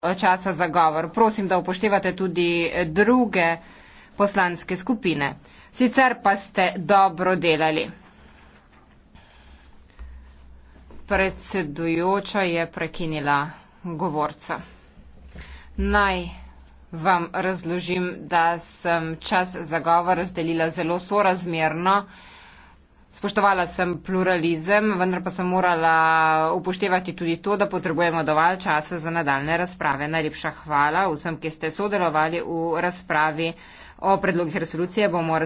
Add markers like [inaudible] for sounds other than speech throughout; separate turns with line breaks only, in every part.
časa za govor. Prosim, da upoštevate tudi eh, druge poslanske skupine. Sicer pa ste dobro delali. Predsedujoča je prekinila govorca. Naj vam razložim, da sem čas za govor razdelila zelo sorazmerno. Spoštovala sem pluralizem, vendar pa sem morala upoštevati tudi to, da potrebujemo dovolj časa za nadaljne razprave. Najlepša hvala vsem, ki ste sodelovali v razpravi o predlogih resolucije. Bomo,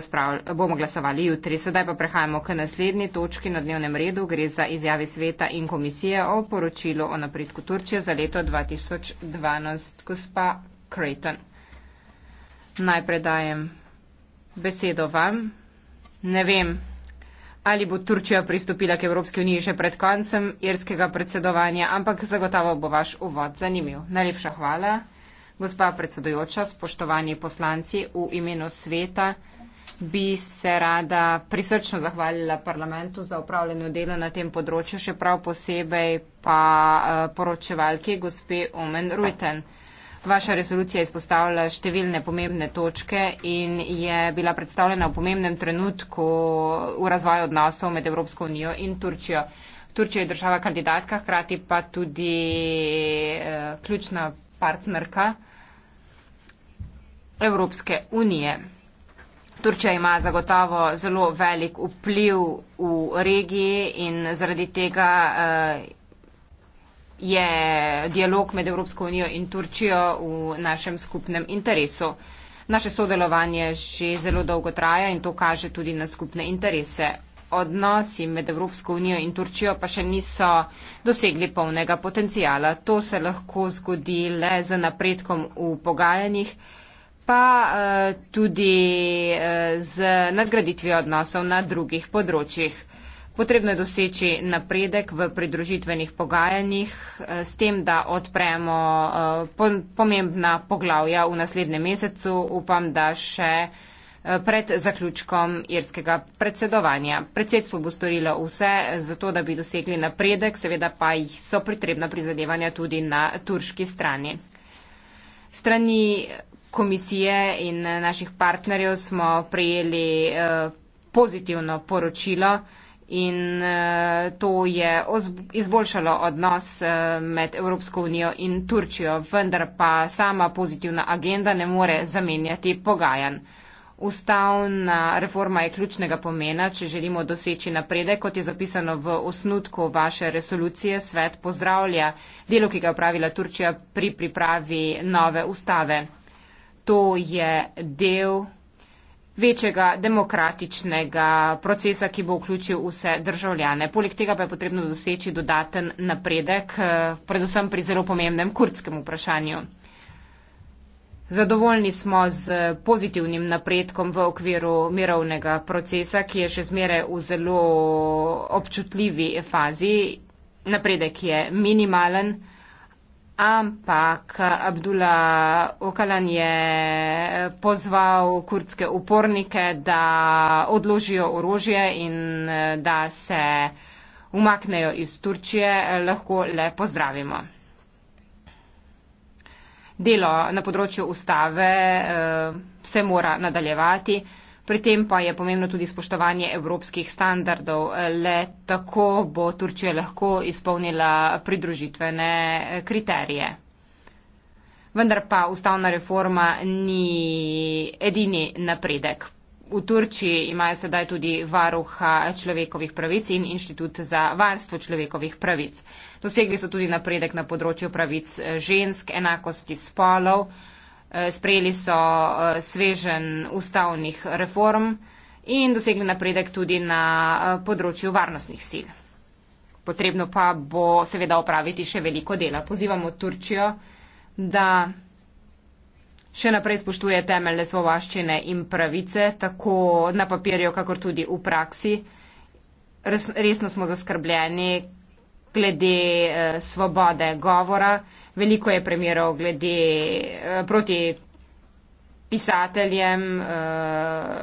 bomo glasovali jutri. Sedaj pa prehajamo k naslednji točki na dnevnem redu. Gre za izjavi sveta in komisije o poročilu o napredku Turčije za leto 2012. Gospa Creighton. Najprej dajem besedo vam. Ne vem ali bo Turčija pristopila k Evropski uniji še pred koncem irskega predsedovanja, ampak zagotovo bo vaš uvod zanimiv. Najlepša hvala. Gospa predsedujoča, spoštovani poslanci, v imenu sveta bi se rada prisrčno zahvalila parlamentu za upravljeno delo na tem področju, še prav posebej pa eh, poročevalki gospe Omen Ruiten. Vaša resolucija izpostavlja številne pomembne točke in je bila predstavljena v pomembnem trenutku v razvoju odnosov med Evropsko unijo in Turčijo. Turčija je država kandidatka, hkrati pa tudi eh, ključna partnerka Evropske unije. Turčija ima zagotovo zelo velik vpliv v regiji in zaradi tega eh, je dialog med Evropsko unijo in Turčijo v našem skupnem interesu. Naše sodelovanje že zelo dolgo traja in to kaže tudi na skupne interese. Odnosi med Evropsko unijo in Turčijo pa še niso dosegli polnega potencijala. To se lahko zgodi le z napredkom v pogajanjih, pa eh, tudi eh, z nadgraditvijo odnosov na drugih področjih. Potrebno je doseči napredek v pridružitvenih pogajanjih eh, s tem, da odpremo eh, pomembna poglavja v naslednjem mesecu. Upam, da še eh, pred zaključkom irskega predsedovanja. Predsedstvo bo storilo vse za to, da bi dosegli napredek, seveda pa jih so potrebna prizadevanja tudi na turški strani. Strani komisije in naših partnerjev smo prijeli pozitivno poročilo in eh, to je izboljšalo odnos eh, med Evropsko unijo in Turčijo, vendar pa sama pozitivna agenda ne more zamenjati pogajanj. Ustavna reforma je ključnega pomena, če želimo doseči napredek, kot je zapisano v osnutku vaše resolucije. Svet pozdravlja delo, ki ga je upravila Turčija pri pripravi nove ustave. To je del večjega demokratičnega procesa, ki bo vključil vse državljane. Poleg tega pa je potrebno doseči dodaten napredek, eh, predvsem pri zelo pomembnem kurdskem vprašanju. Zadovoljni smo z pozitivnim napredkom v okviru mirovnega procesa, ki je še zmeraj v zelo občutljivi fazi. Napredek je minimalen. Ampak Abdullah Okalan je pozval kurdske upornike, da odložijo orožje in eh, da se umaknejo iz Turčije, lahko le pozdravimo. Delo na področju ustave eh, se mora nadaljevati. Pri tem pa je pomembno tudi spoštovanje evropskih standardov. Le tako bo Turčija lahko izpolnila pridružitvene eh, kriterije. Vendar pa ustavna reforma ni edini napredek. V Turčiji imajo sedaj tudi varuha človekovih pravic in inštitut za varstvo človekovih pravic. Dosegli so tudi napredek na področju pravic eh, žensk, enakosti spolov. Eh, sprejeli so eh, svežen ustavnih reform in dosegli napredek tudi na eh, področju varnostnih sil. Potrebno pa bo seveda opraviti še veliko dela. Pozivamo Turčijo, da še naprej spoštuje temeljne svobaščine in pravice, tako na papirju, kakor tudi v praksi. Res, resno smo zaskrbljeni glede eh, svobode govora veliko je primerov glede uh, proti pisateljem, uh,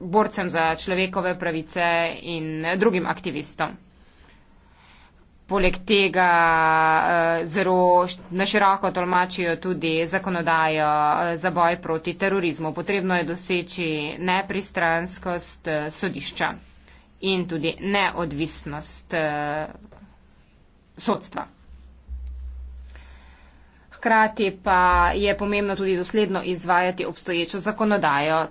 borcem za človekove pravice in eh, drugim aktivistom. Poleg tega uh, zelo naširoko tolmačijo tudi zakonodajo uh, za boj proti terorizmu. Potrebno je doseči nepristranskost uh, sodišča in tudi neodvisnost uh, sodstva hkrati pa je pomembno tudi dosledno izvajati obstoječo zakonodajo.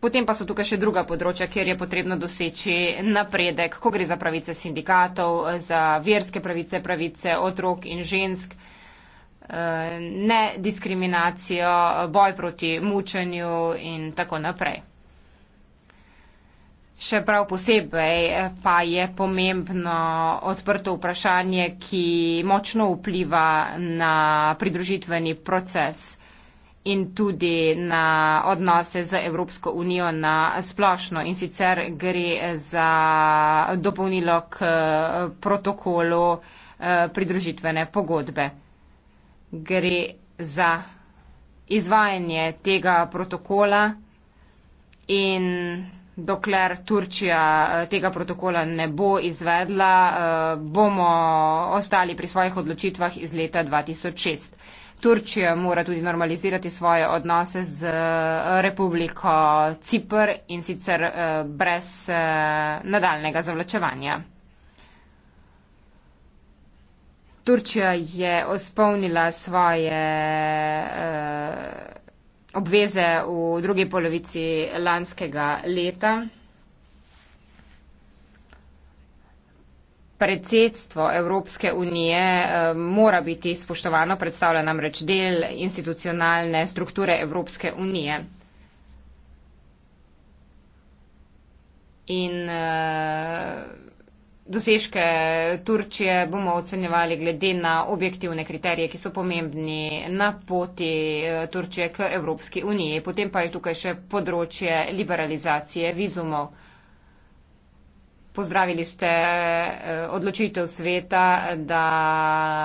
Potem pa so tukaj še druga področja, kjer je potrebno doseči napredek, ko gre za pravice sindikatov, za verske pravice, pravice otrok in žensk, eh, ne diskriminacijo, boj proti mučenju in tako naprej. Še prav posebej pa je pomembno odprto vprašanje, ki močno vpliva na pridružitveni proces in tudi na odnose z Evropsko unijo na splošno. In sicer gre za dopolnilo k protokolu eh, pridružitvene pogodbe. Gre za izvajanje tega protokola in dokler Turčija eh, tega protokola ne bo izvedla, eh, bomo ostali pri svojih odločitvah iz leta 2006. Turčija mora tudi normalizirati svoje odnose z eh, Republiko Cipr in sicer brez nadaljnega zavlačevanja. Turčija je ospolnila svoje obveze v drugi polovici lanskega leta. Predsedstvo Evropske unije eh, mora biti spoštovano, predstavlja namreč del institucionalne strukture Evropske unije. In uh, dosežke Turčije bomo ocenjevali glede na objektivne kriterije, ki so pomembni na poti eh, Turčije k Evropski uniji. Potem pa je tukaj še področje liberalizacije vizumov. Pozdravili ste eh, odločitev sveta, da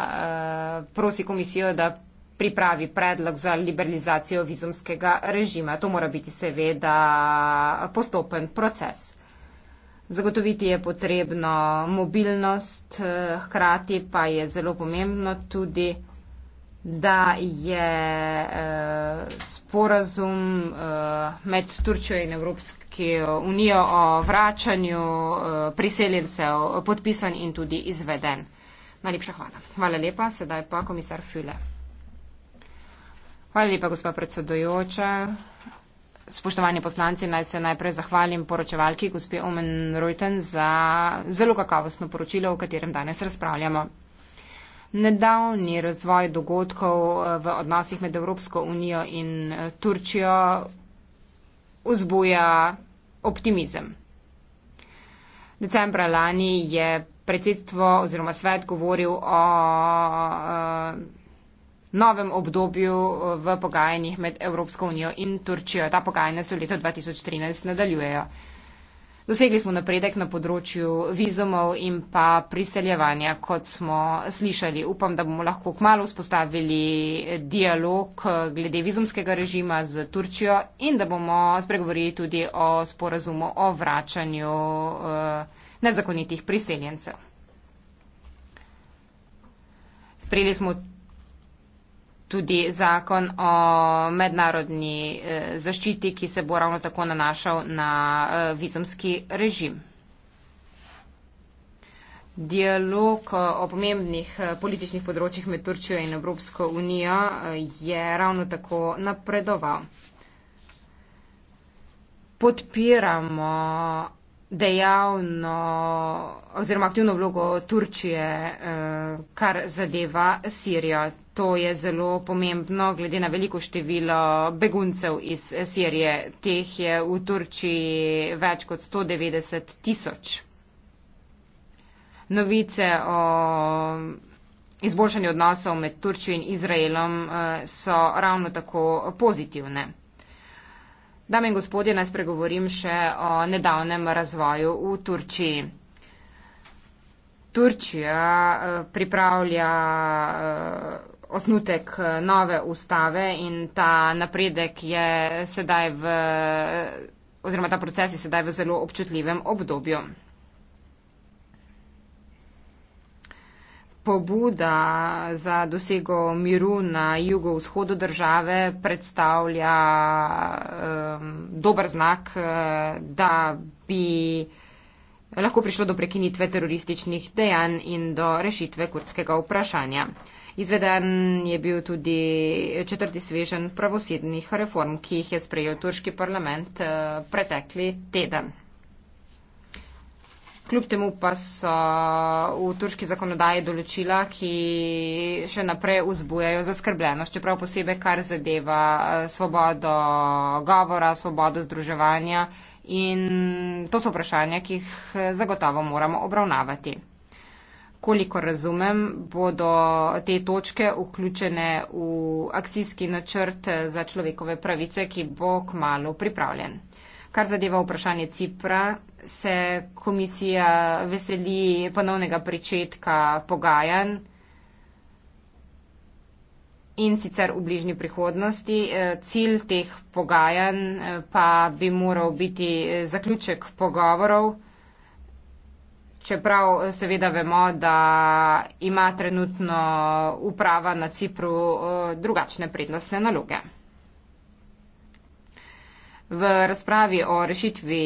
eh, prosi komisijo, da pripravi predlog za liberalizacijo vizumskega režima. To mora biti seveda postopen proces. Zagotoviti je potrebno mobilnost, eh, hkrati pa je zelo pomembno tudi, da je eh, sporazum eh, med Turčjo in Evropske unijo o vračanju priseljencev podpisan in tudi izveden. Najlepša hvala. Hvala lepa, sedaj pa komisar Füle. Hvala lepa, gospa predsedujoča. Spoštovani poslanci, naj se najprej zahvalim poročevalki gospe Omen Reuten za zelo kakavostno poročilo, o katerem danes razpravljamo. Nedavni razvoj dogodkov eh, v odnosih med Evropsko unijo in eh, Turčijo vzbuja optimizem. Decembra lani je predsedstvo oziroma svet govoril o uh, novem obdobju eh, v pogajanjih med Evropsko unijo in Turčijo. Ta pogajanja se v letu 2013 nadaljujejo. Dosegli smo napredek na področju vizumov in pa priseljevanja, kot smo slišali. Upam, da bomo lahko kmalo vzpostavili dialog eh, glede vizumskega režima z Turčijo in da bomo spregovorili tudi o sporazumu o vračanju eh, nezakonitih priseljencev. Sprejeli smo tudi zakon o mednarodni eh, zaščiti, ki se bo ravno tako nanašal na eh, vizumski režim. Dialog eh, o pomembnih političnih področjih med Turčijo in Evropsko unijo je ravno tako napredoval. Podpiramo dejavno oziroma aktivno vlogo Turčije, kar zadeva Sirijo. To je zelo pomembno, glede na veliko število beguncev iz Sirije. Teh je v Turčiji več kot 190 tisoč. Novice o izboljšanju odnosov med Turčijo in Izraelom eh, so ravno tako pozitivne. Dame in gospodje, naj spregovorim še o nedavnem razvoju v Turčiji. Turčija eh, pripravlja eh, osnutek eh, nove ustave in ta napredek je sedaj v, oziroma ta proces je sedaj v zelo občutljivem obdobju. Pobuda za dosego miru na jugovzhodu države predstavlja um, dober znak, eh, da bi lahko prišlo do prekinitve terorističnih dejanj in do rešitve kurdskega vprašanja. Izveden je bil tudi četrti svežen pravosednih reform, ki jih je sprejel turški parlament eh, pretekli teden. Kljub temu pa so v turški zakonodaji določila, ki še naprej vzbujajo zaskrbljenost, čeprav posebej kar zadeva eh, svobodo govora, svobodo združevanja in to so vprašanja, ki jih eh, zagotovo moramo obravnavati koliko razumem, bodo te točke vključene v akcijski načrt za človekove pravice, ki bo k malu pripravljen. Kar zadeva vprašanje Cipra, se komisija veseli ponovnega pričetka pogajanj in sicer v bližnji prihodnosti. E, cilj teh pogajanj e, pa bi moral biti e, zaključek pogovorov. Čeprav seveda vemo, da ima trenutno uprava na Cipru eh, drugačne prednostne naloge. V razpravi o rešitvi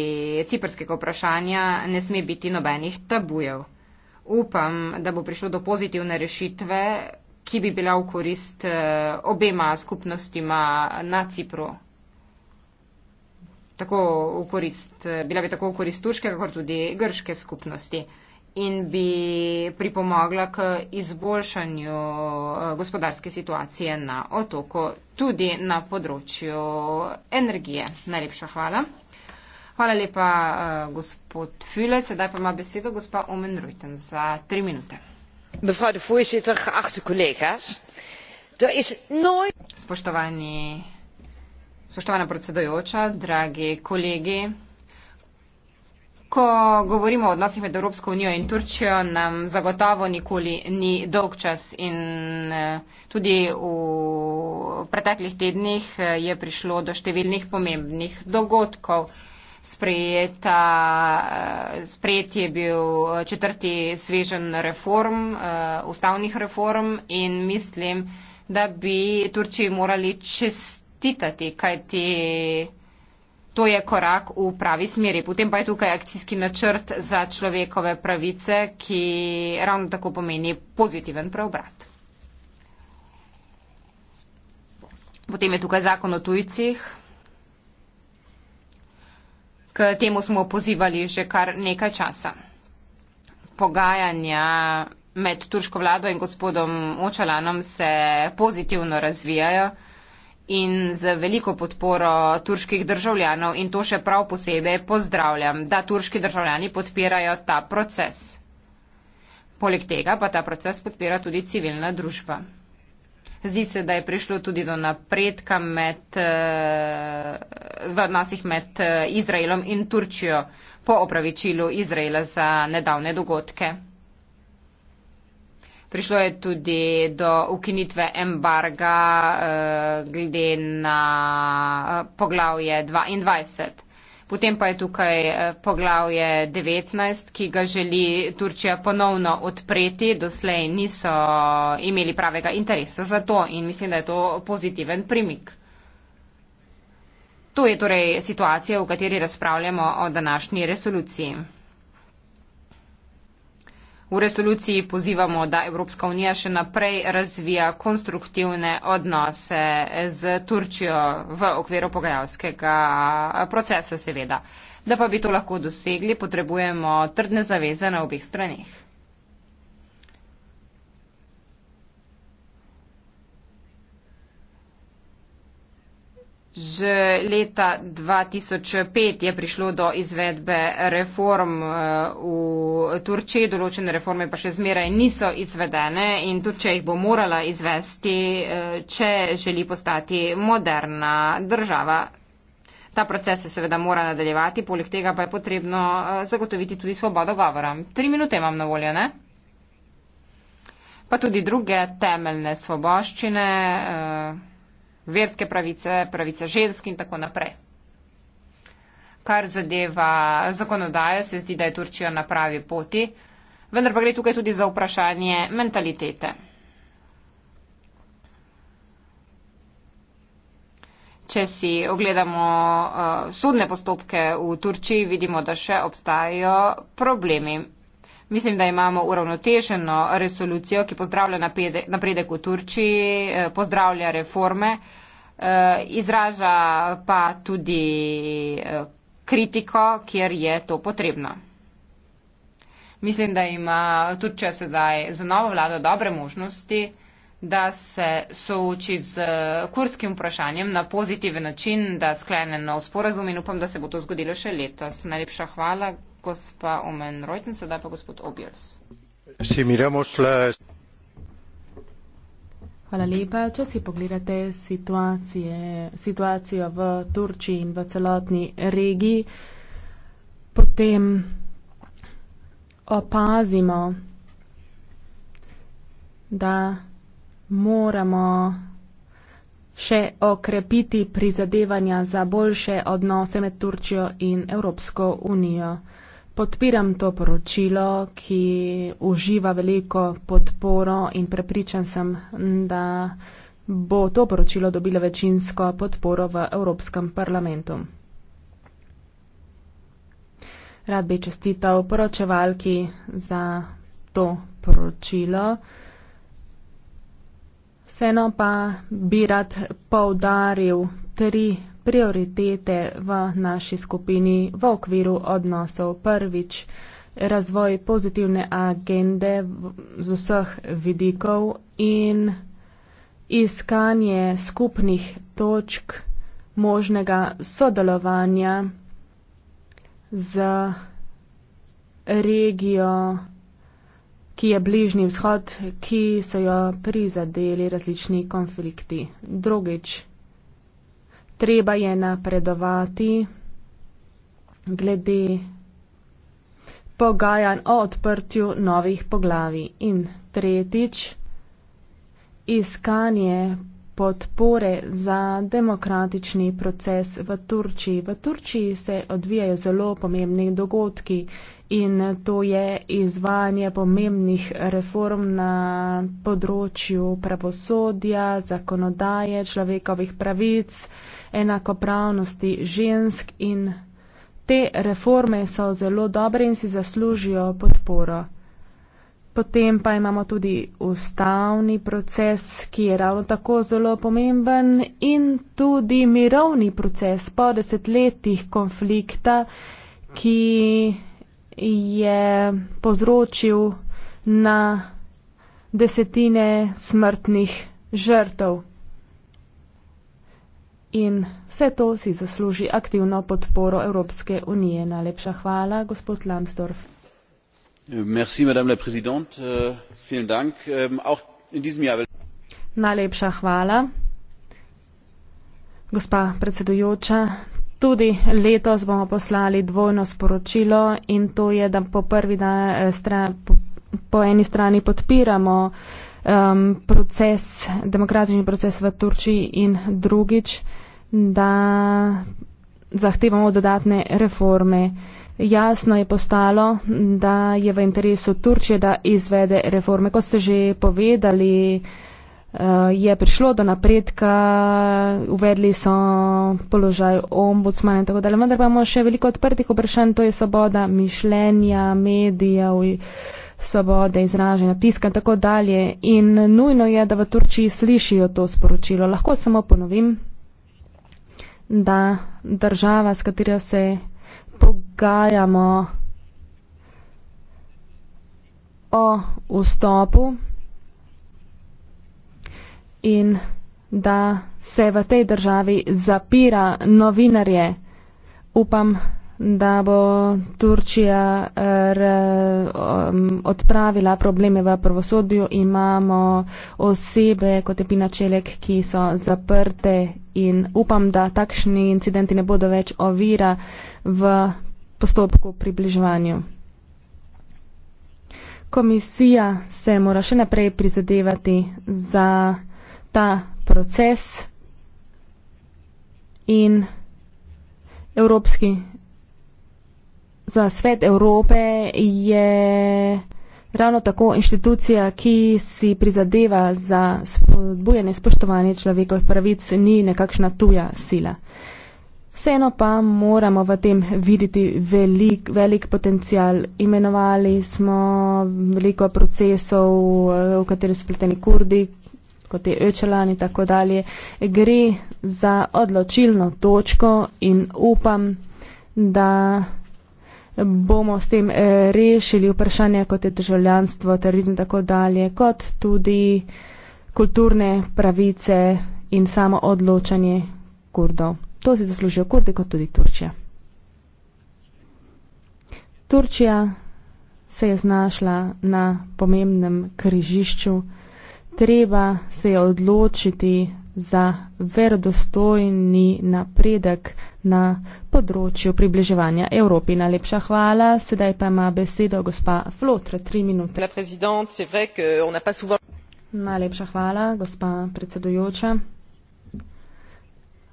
ciprskega vprašanja ne sme biti nobenih tabujev. Upam, da bo prišlo do pozitivne rešitve, ki bi bila v korist eh, obema skupnostima na Cipru tako v korist, bila bi tako v korist turške, kakor tudi grške skupnosti in bi pripomogla k izboljšanju eh, gospodarske situacije na otoku, tudi na področju energije. Najlepša hvala. Hvala lepa, uh, gospod Füle. Sedaj pa ima besedo gospa Omen Ruiten za tri minute. Er Spoštovani Spoštovana predsedojoča, dragi kolegi. Ko govorimo o odnosih med Evropsko unijo in Turčijo, nam zagotovo nikoli ni dolg čas in eh, tudi v preteklih tednih eh, je prišlo do številnih pomembnih dogodkov. Sprejeta, eh, sprejet je bil četrti svežen reform, ustavnih reform in mislim, da bi Turčiji morali čisto čestitati, kajti to je korak v pravi smeri. Potem pa je tukaj akcijski načrt za človekove pravice, ki ravno tako pomeni pozitiven preobrat. Potem je tukaj zakon o tujcih. K temu smo pozivali že kar nekaj časa. Pogajanja med turško vlado in gospodom Očalanom se pozitivno razvijajo in z veliko podporo turških državljanov in to še prav posebej pozdravljam, da turški državljani podpirajo ta proces. Poleg tega pa ta proces podpira tudi civilna družba. Zdi se, da je prišlo tudi do napredka med, eh, v odnosih med eh, Izraelom in Turčijo po opravičilu Izraela za nedavne dogodke. Prišlo je tudi do ukinitve embarga eh, glede na eh, poglavje 22. Potem pa je tukaj eh, poglavje 19, ki ga želi Turčija ponovno odpreti. Doslej niso imeli pravega interesa za to in mislim, da je to pozitiven primik. To je torej situacija, v kateri razpravljamo o današnji resoluciji. V resoluciji pozivamo, da Evropska unija še naprej razvija konstruktivne odnose z Turčijo v okviru pogajalskega procesa, seveda. Da pa bi to lahko dosegli, potrebujemo trdne zaveze na obeh straneh. Že leta 2005 je prišlo do izvedbe reform eh, v Turčiji, določene reforme pa še zmeraj niso izvedene in Turčija jih bo morala izvesti, eh, če želi postati moderna država. Ta proces se seveda mora nadaljevati, poleg tega pa je potrebno eh, zagotoviti tudi svobodo govora. Tri minute imam na voljo, ne? Pa tudi druge temeljne svoboščine. Eh, verske pravice, pravice žensk in tako naprej. Kar zadeva zakonodajo, se zdi, da je Turčija na pravi poti, vendar pa gre tukaj tudi za vprašanje mentalitete. Če si ogledamo uh, sodne postopke v Turčiji, vidimo, da še obstajajo problemi. Mislim, da imamo uravnoteženo resolucijo, ki pozdravlja napredek v Turčiji, eh, pozdravlja reforme, eh, izraža pa tudi eh, kritiko, kjer je to potrebno. Mislim, da ima Turčija sedaj za novo vlado dobre možnosti, da se souči z kurskim vprašanjem na pozitiven način, da sklene nov sporazum in upam, da se bo to zgodilo še letos. Najlepša hvala. Hvala
lepa. Če si pogledate situacijo v Turčiji in v celotni regiji, potem opazimo, da moramo še okrepiti prizadevanja za boljše odnose med Turčijo in Evropsko unijo podpiram to poročilo, ki uživa veliko podporo in prepričan sem, da bo to poročilo dobilo večinsko podporo v Evropskem parlamentu. Rad bi čestital poročevalki za to poročilo. Vseeno pa bi rad poudaril tri prioritete v naši skupini v okviru odnosov. Prvič, razvoj pozitivne agende z vseh vidikov in iskanje skupnih točk možnega sodelovanja z regijo, ki je bližnji vzhod, ki so jo prizadeli različni konflikti. Drugič, treba je napredovati glede pogajanj o odprtju novih poglavij. In tretjič, iskanje podpore za demokratični proces v Turčiji. V Turčiji se odvijajo zelo pomembni dogodki, in to je izvajanje pomembnih reform na področju pravosodja, zakonodaje, človekovih pravic, enakopravnosti žensk in te reforme so zelo dobre in si zaslužijo podporo. Potem pa imamo tudi ustavni proces, ki je ravno tako zelo pomemben in tudi mirovni proces po desetletjih konflikta, ki je povzročil na desetine smrtnih žrtev. In vse to si zasluži aktivno podporo Evropske unije. Najlepša hvala, gospod Lambsdorff.
Merci, madame la présidente.
Uh, vielen Dank. Um, auch in diesem Jahr.
Najlepša hvala. Gospa predsedujoča, Tudi letos bomo poslali dvojno sporočilo in to je, da po prvi dan eh, stran, po, po eni strani podpiramo um, proces, demokratični proces v Turčiji in drugič, da zahtevamo dodatne reforme. Jasno je postalo, da je v interesu Turčije, da izvede reforme. Kot ste že povedali, Eh, je prišlo do napredka, uvedli so položaj ombudsmana in tako dalje, vendar pa imamo še veliko odprtih vprašanj, to je svoboda mišljenja, medijev, svobode izražanja, tiska in tako dalje. In nujno je, da v Turčiji slišijo to sporočilo. Lahko samo ponovim, da država, s katero se pogajamo o vstopu, in da se v tej državi zapira novinarje. Upam, da bo Turčija eh, r, um, odpravila probleme v pravosodju. Imamo osebe, kot je Pina Čelek, ki so zaprte in upam, da takšni incidenti ne bodo več ovira v postopku približevanju. Komisija se mora še naprej prizadevati za ta proces in Evropski za svet Evrope je ravno tako inštitucija, ki si prizadeva za spodbujanje spoštovanje človekovih pravic, ni nekakšna tuja sila. Vseeno pa moramo v tem videti velik, velik potencial. Imenovali smo veliko procesov, v kateri so pleteni kurdi, kot je Öčelan in tako dalje, gre za odločilno točko in upam, da bomo s tem eh, rešili vprašanje, kot je državljanstvo, terorizem in tako dalje, kot tudi kulturne pravice in samo odločanje kurdov. To si zaslužijo kurdi, kot tudi Turčija. Turčija se je znašla na pomembnem križišču treba se je odločiti za verodostojni napredek na področju približevanja Evropi. Najlepša hvala. Sedaj pa ima besedo gospa Flotra, tri minute. Najlepša hvala, gospa predsedujoča.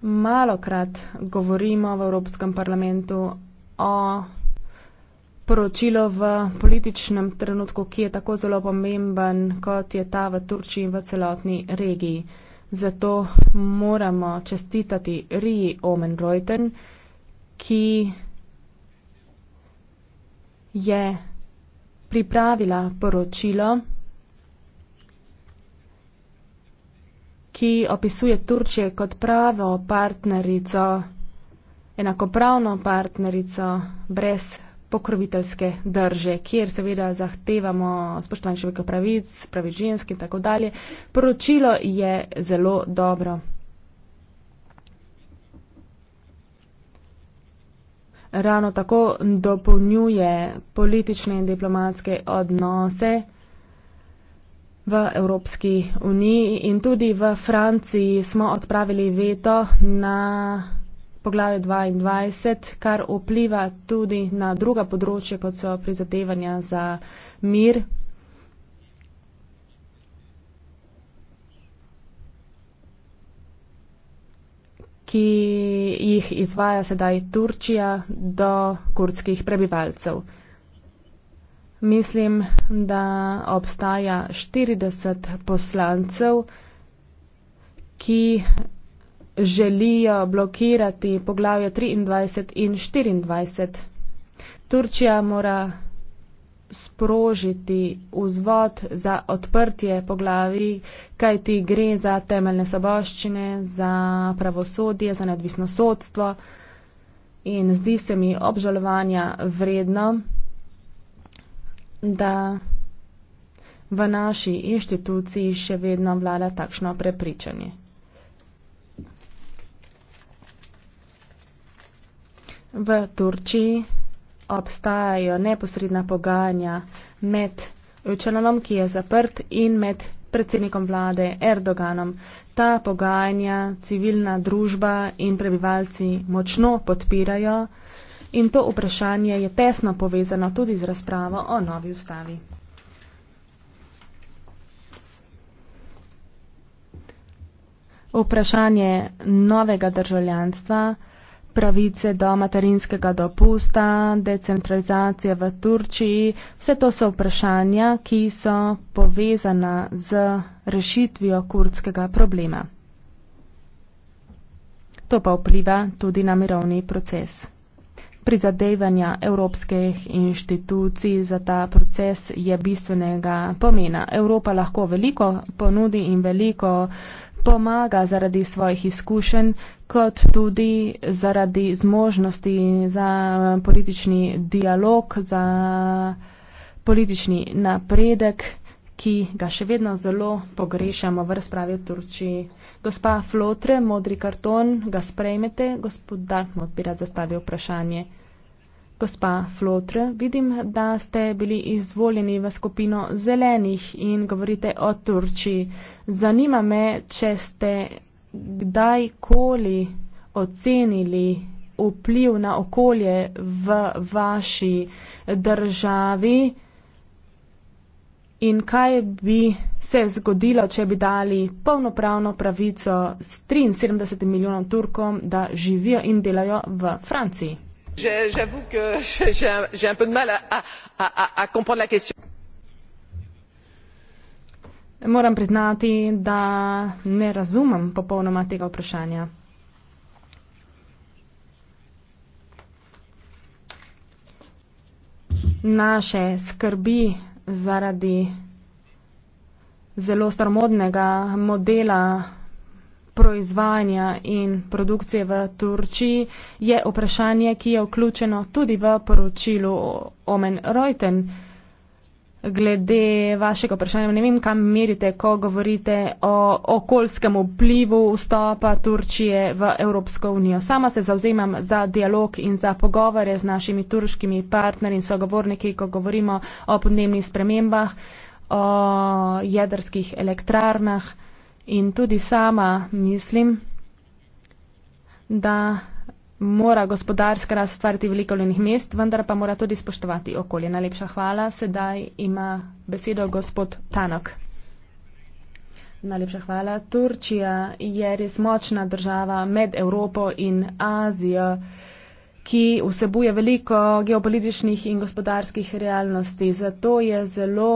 Malokrat govorimo v Evropskem parlamentu o poročilo v političnem trenutku, ki je tako zelo pomemben, kot je ta v Turčiji in v celotni regiji. Zato moramo čestitati Riji Omen Reuten, ki je pripravila poročilo, ki opisuje Turčijo kot pravo partnerico, enakopravno partnerico brez pokroviteljske drže, kjer seveda zahtevamo spoštovanje človekov pravic, pravi ženski in tako dalje. Poročilo je zelo dobro. Ravno tako dopolnjuje politične in diplomatske odnose v Evropski uniji in tudi v Franciji smo odpravili veto na poglavje 22, kar vpliva tudi na druga področja, kot so prizadevanja za mir. ki jih izvaja sedaj Turčija do kurdskih prebivalcev. Mislim, da obstaja 40 poslancev, ki želijo blokirati poglavje 23 in 24. Turčija mora sprožiti vzvod za odprtje poglavi, kaj ti gre za temeljne soboščine, za pravosodje, za neodvisno sodstvo in zdi se mi obžalovanja vredno, da v naši inštituciji še vedno vlada takšno prepričanje. V Turčiji obstajajo neposredna pogajanja med Öcalanom, ki je zaprt, in med predsednikom vlade Erdoganom. Ta pogajanja civilna družba in prebivalci močno podpirajo in to vprašanje je tesno povezano tudi z razpravo o novi ustavi. Vprašanje novega državljanstva pravice do materinskega dopusta, decentralizacije v Turčiji. Vse to so vprašanja, ki so povezana z rešitvijo kurdskega problema. To pa vpliva tudi na mirovni proces. Prizadevanja evropskih inštitucij za ta proces je bistvenega pomena. Evropa lahko veliko ponudi in veliko uh, pomaga zaradi svojih izkušenj, kot tudi zaradi zmožnosti za politični dialog, za politični napredek, ki ga še vedno zelo pogrešamo v razpravi v Turčiji. Gospa Flotre, modri karton, ga sprejmete, gospod Dartmouth bi rad zastavil vprašanje. Gospa Flotr, vidim, da ste bili izvoljeni v skupino zelenih in govorite o Turčiji. Zanima me, če ste kdajkoli ocenili vpliv na okolje v vaši državi in kaj bi se zgodilo, če bi dali polnopravno pravico s 73 milijonom Turkom, da živijo in delajo v Franciji
j'avoue que [laughs] j'ai un peu de mal à comprendre la question.
Moram priznati, da ne razumem popolnoma tega vprašanja. Naše skrbi zaradi zelo staromodnega modela proizvajanja in produkcije v Turčiji, je vprašanje, ki je vključeno tudi v poročilu Omen Reuten. Glede vašega vprašanja, ne vem, kam merite, ko govorite o okoljskem vplivu vstopa Turčije v Evropsko unijo. Sama se zauzemam za dialog in za pogovore z našimi turškimi partnerji in sogovorniki, ko govorimo o podnebnih spremembah, o jedrskih elektrarnah. In tudi sama mislim, da mora gospodarska rast stvariti veliko lenih mest, vendar pa mora tudi spoštovati okolje. Najlepša hvala. Sedaj ima besedo gospod Tanok. Najlepša hvala. Turčija je res močna država med Evropo in Azijo, ki vsebuje veliko geopolitičnih in gospodarskih realnosti. Zato je zelo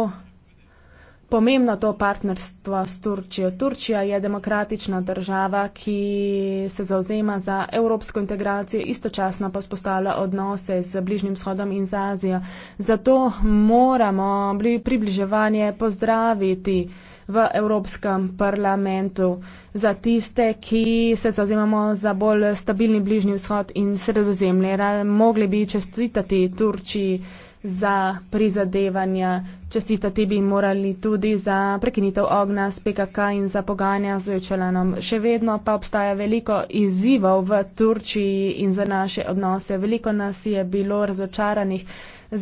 pomembno to partnerstvo s Turčijo. Turčija je demokratična država, ki se zauzema za evropsko integracijo, istočasno pa spostavlja odnose z Bližnjim shodom in z Azijo. Zato moramo približevanje pozdraviti v Evropskem parlamentu za tiste, ki se zauzemamo za bolj stabilni bližnji vzhod in sredozemlje. Mogli bi čestitati Turčiji za prizadevanja Čestita tebi morali tudi za prekinitev ognja s PKK in za poganja z očelenom. Še vedno pa obstaja veliko izzivov v Turčiji in za naše odnose. Veliko nas je bilo razočaranih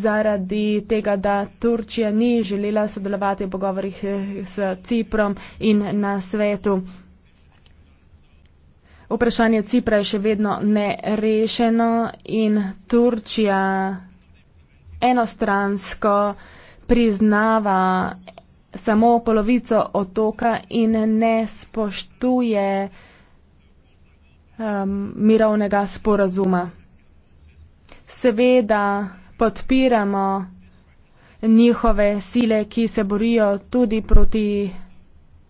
zaradi tega, da Turčija ni želela sodelovati v pogovorih s Ciprom in na svetu. Vprašanje Cipra je še vedno nerešeno in Turčija enostransko priznava samo polovico otoka in ne spoštuje um, mirovnega sporazuma. Seveda podpiramo njihove sile, ki se borijo tudi proti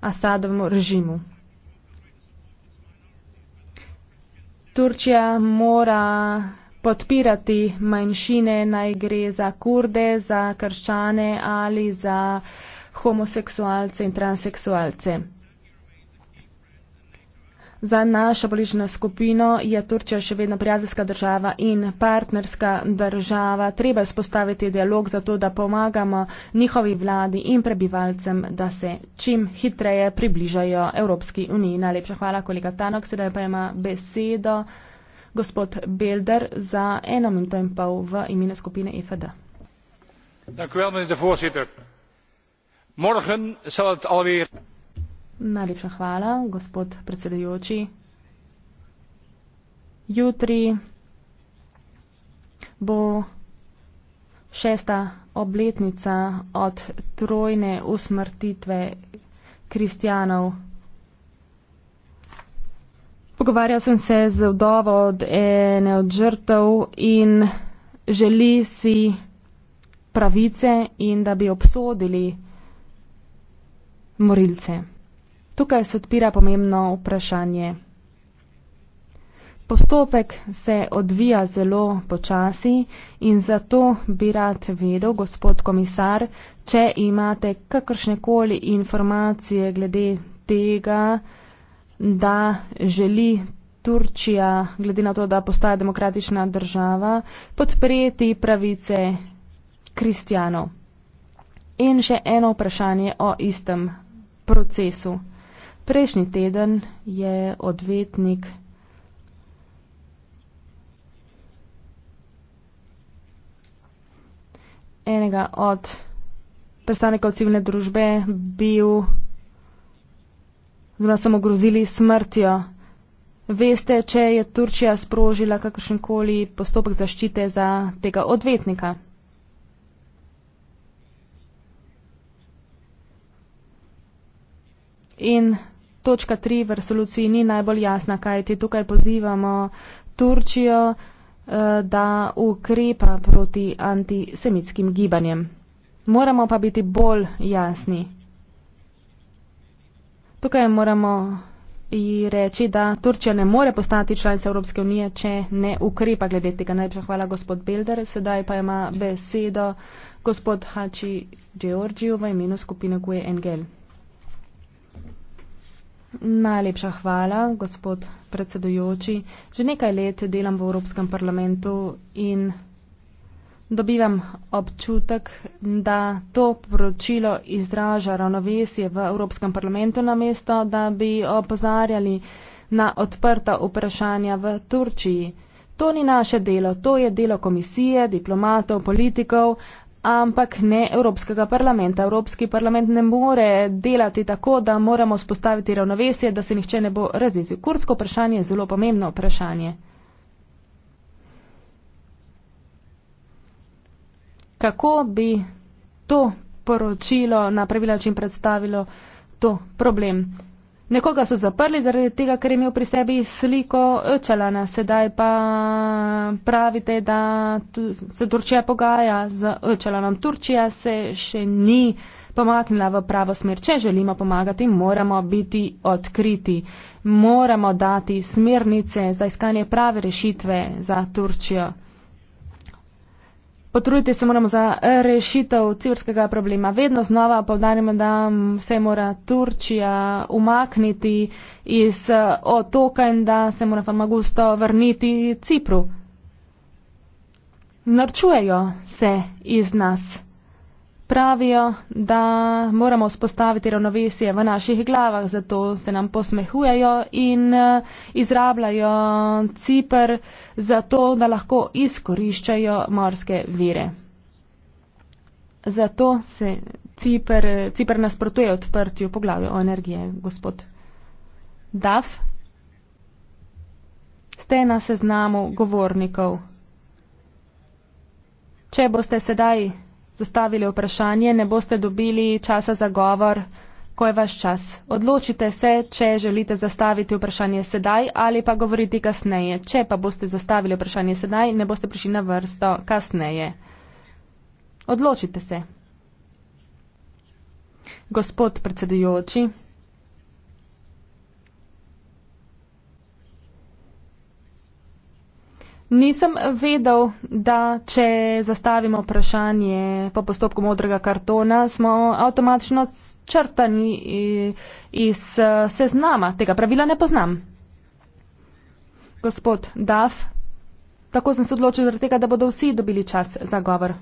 Asadovemu režimu. Turčija mora podpirati manjšine, naj gre za kurde, za krščane ali za homoseksualce in transeksualce. Za našo politično skupino je Turčija še vedno prijateljska država in partnerska država. Treba spostaviti dialog zato, da pomagamo njihovi vladi in prebivalcem, da se čim hitreje približajo Evropski uniji. Najlepša hvala, kolega Tanok. Sedaj pa ima besedo gospod Belder za eno minuto in pol v imenu skupine EFD.
Dank u wel, meneer de voorzitter.
Morgen zal het alweer.
Najlepša hvala, gospod predsedujoči. Jutri bo šesta obletnica od trojne usmrtitve kristjanov. Pogovarjal sem se z vdovo od ene od žrtev in želi si pravice in da bi obsodili morilce. Tukaj se odpira pomembno vprašanje. Postopek se odvija zelo počasi in zato bi rad vedel, gospod komisar, če imate kakršnekoli informacije glede tega, da želi Turčija, glede na to, da postaja demokratična država, podpreti pravice kristijanov. In še eno vprašanje o istem procesu. Prejšnji teden je odvetnik enega od predstavnikov civilne družbe bil oziroma so mu grozili smrtjo. Veste, če je Turčija sprožila kakršenkoli postopek zaščite za tega odvetnika? In točka tri v resoluciji ni najbolj jasna, kaj ti tukaj pozivamo Turčijo, eh, da ukrepa proti antisemitskim gibanjem. Moramo pa biti bolj jasni. Tukaj moramo reči, da Turčija ne more postati članica Evropske unije, če ne ukrepa glede tega. Najprej hvala gospod Belder, sedaj pa ima besedo gospod Hači Georgiju v imenu skupine Guje Engel. Najlepša hvala, gospod predsedujoči. Že nekaj let delam v Evropskem parlamentu in dobivam občutek, da to poročilo izraža ravnovesje v Evropskem parlamentu namesto, da bi opozarjali na odprta vprašanja v Turčiji. To ni naše delo, to je delo komisije, diplomatov, politikov, ampak ne Evropskega parlamenta. Evropski parlament ne more delati tako, da moramo spostaviti ravnovesje, da se nihče ne bo razjezil. Kurdsko vprašanje je zelo pomembno vprašanje. kako bi to poročilo na pravila čim predstavilo to problem. Nekoga so zaprli zaradi tega, ker je imel pri sebi sliko Očalana, sedaj pa pravite, da se Turčija pogaja z Očalanom. Turčija se še ni pomaknila v pravo smer. Če želimo pomagati, moramo biti odkriti, moramo dati smernice za iskanje prave rešitve za Turčijo potrudite se moramo za rešitev civilskega problema. Vedno znova povdarjamo, da se mora Turčija umakniti iz otoka in da se mora Famagusto vrniti Cipru. Narčujejo se iz nas pravijo, da moramo spostaviti ravnovesje v naših glavah, zato se nam posmehujejo in eh, izrabljajo Cipr za to, da lahko izkoriščajo morske vire. Zato se Cipr, Cipr nasprotuje odprtju poglavja o energije, gospod Daf. Ste na seznamu govornikov. Če boste sedaj zastavili vprašanje, ne boste dobili časa za govor, ko je vaš čas. Odločite se, če želite zastaviti vprašanje sedaj ali pa govoriti kasneje. Če pa boste zastavili vprašanje sedaj, ne boste prišli na vrsto kasneje. Odločite se. Gospod predsedujoči. Nisem vedel, da če zastavimo vprašanje po postopku modrega kartona, smo avtomatično črtani iz eh, seznama. Tega pravila ne poznam. Gospod Daf, tako sem se odločil zaradi tega, da bodo vsi dobili čas za govor.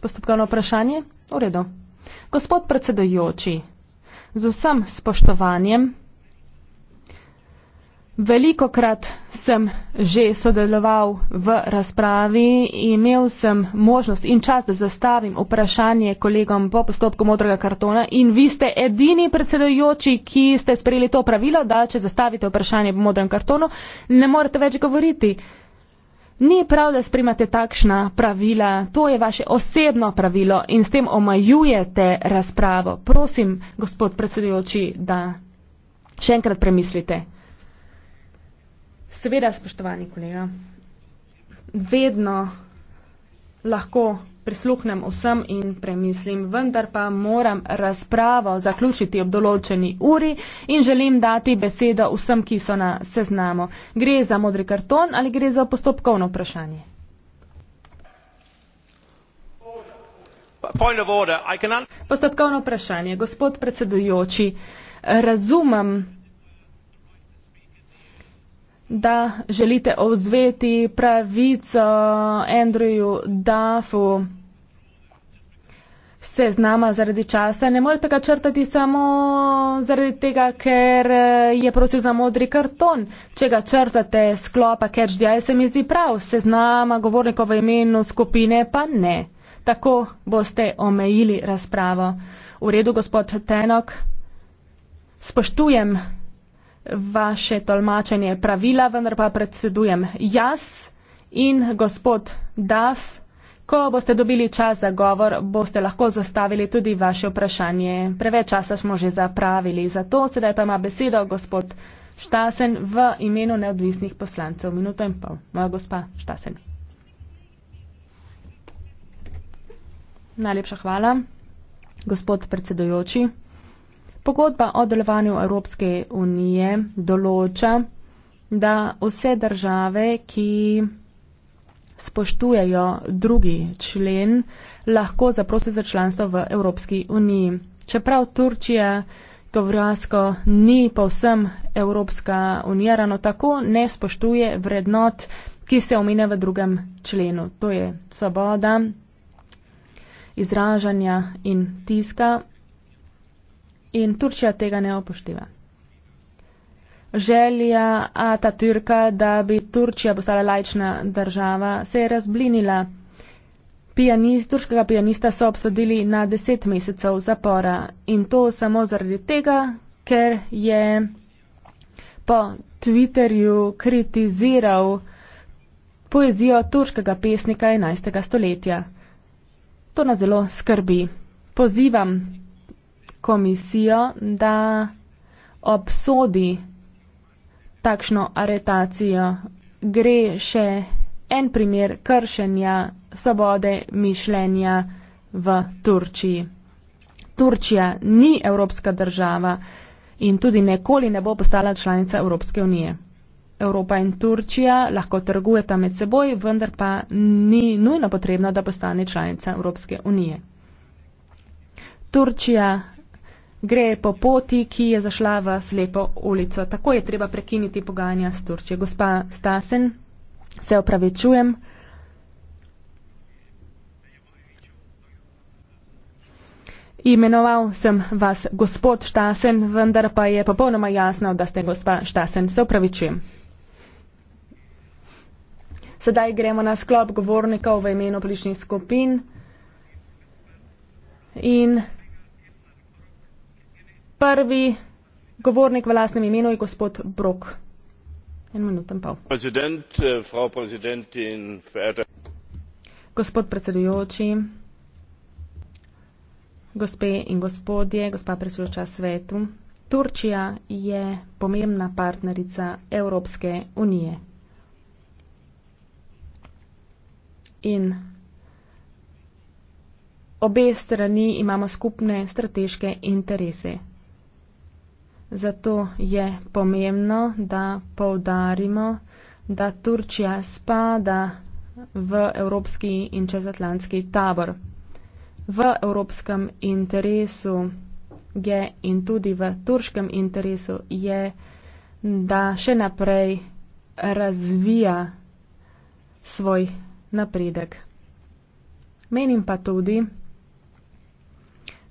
Postopkovno vprašanje? V redu. Gospod predsedojoči, z vsem spoštovanjem. Veliko krat sem že sodeloval v razpravi, imel sem možnost in čas, da zastavim vprašanje kolegom po postopku modrega kartona in vi ste edini predsedujoči, ki ste sprejeli to pravilo, da če zastavite vprašanje po modrem kartonu, ne morete več govoriti. Ni prav, da sprimate takšna pravila, to je vaše osebno pravilo in s tem omajujete razpravo. Prosim, gospod predsedujoči, da še enkrat premislite. Seveda, spoštovani kolega, vedno lahko prisluhnem vsem in premislim, vendar pa moram razpravo zaključiti ob določeni uri in želim dati besedo vsem, ki so na seznamu. Gre za modri karton ali gre za postopkovno vprašanje? Postopkovno vprašanje. Gospod predsedujoči, razumem, da želite odzveti pravico Andrewu Duffu. Se znama zaradi časa, ne morete ga črtati samo zaradi tega, ker eh, je prosil za modri karton. Če ga črtate sklopa Catch the Eye, se mi zdi prav, se znama govornikov v imenu skupine pa ne. Tako boste omejili razpravo. V redu, gospod Tenok, spoštujem vaše tolmačenje pravila, vendar pa predsedujem jaz in gospod Daf. Ko boste dobili čas za govor, boste lahko zastavili tudi vaše vprašanje. Preveč časa smo že zapravili, zato sedaj pa ima besedo gospod Štasen v imenu neodvisnih poslancev. Minuto in pol. Moja gospa Štasen. Najlepša hvala. Gospod predsedujoči, Pogodba o delovanju Evropske unije določa, da vse države, ki spoštujejo drugi člen, lahko zaprosi za članstvo v Evropski uniji. Čeprav Turčija Tovrasko ni povsem Evropska unija, rano tako ne spoštuje vrednot, ki se omenja v drugem členu. To je svoboda izražanja in tiska, in Turčija tega ne upošteva. Želja Atatürka, da bi Turčija postala lajčna država, se je razblinila. Pijanist, turškega pijanista so obsodili na deset mesecev zapora in to samo zaradi tega, ker je po Twitterju kritiziral poezijo turškega pesnika 11. stoletja. To nas zelo skrbi. Pozivam komisijo, da obsodi takšno aretacijo. Gre še en primer kršenja svobode mišljenja v Turčiji. Turčija ni evropska država in tudi nikoli ne bo postala članica Evropske unije. Evropa in Turčija lahko trgujeta med seboj, vendar pa ni nujno potrebno, da postane članica Evropske unije. Turčija gre po poti, ki je zašla v slepo ulico. Tako je treba prekiniti pogajanja s Turčijo. Gospa Stasen, se opravičujem. Imenoval sem vas gospod Štasen, vendar pa je popolnoma jasno, da ste gospa Štasen. Se upravičujem. Sedaj gremo na sklop govornikov v imenu pličnih skupin. In Prvi govornik v lastnem imenu je gospod Brok. En minut in pol.
President, eh, frau presidentin, verjetno.
Gospod predsedujoči, gospe in gospodje, gospa predsedujoča svetu, Turčija je pomembna partnerica Evropske unije. In obe strani imamo skupne strateške interese. Zato je pomembno, da povdarimo, da Turčija spada v evropski in čezatlantski tabor. V evropskem interesu je in tudi v turškem interesu je, da še naprej razvija svoj napredek. Menim pa tudi,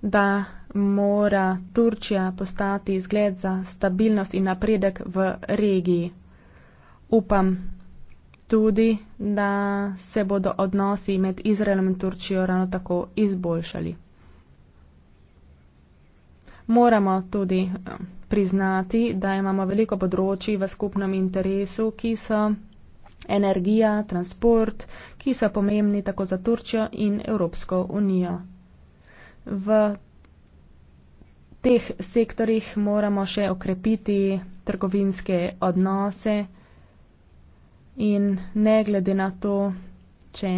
da mora Turčija postati zgled za stabilnost in napredek v regiji. Upam tudi, da se bodo odnosi med Izraelom in Turčijo ravno tako izboljšali. Moramo tudi eh, priznati, da imamo veliko področji v skupnem interesu, ki so energija, transport, ki so pomembni tako za Turčijo in Evropsko unijo v teh sektorjih moramo še okrepiti trgovinske odnose in ne glede na to, če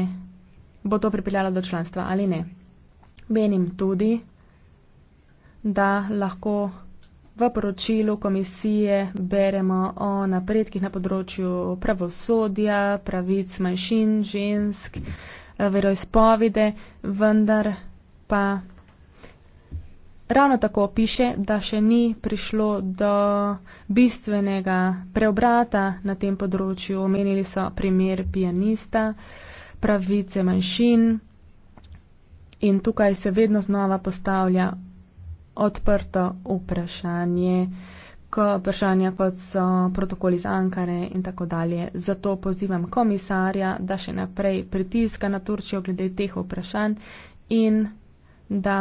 bo to pripeljalo do članstva ali ne. Menim tudi, da lahko v poročilu komisije beremo o napredkih na področju pravosodja, pravic manjšin, žensk, eh, veroizpovede, vendar pa ravno tako piše, da še ni prišlo do bistvenega preobrata na tem področju. Omenili so primer pijanista, pravice manjšin in tukaj se vedno znova postavlja odprto vprašanje, ko vprašanja kot so protokoli z Ankare in tako dalje. Zato pozivam komisarja, da še naprej pritiska na Turčijo glede teh vprašanj in da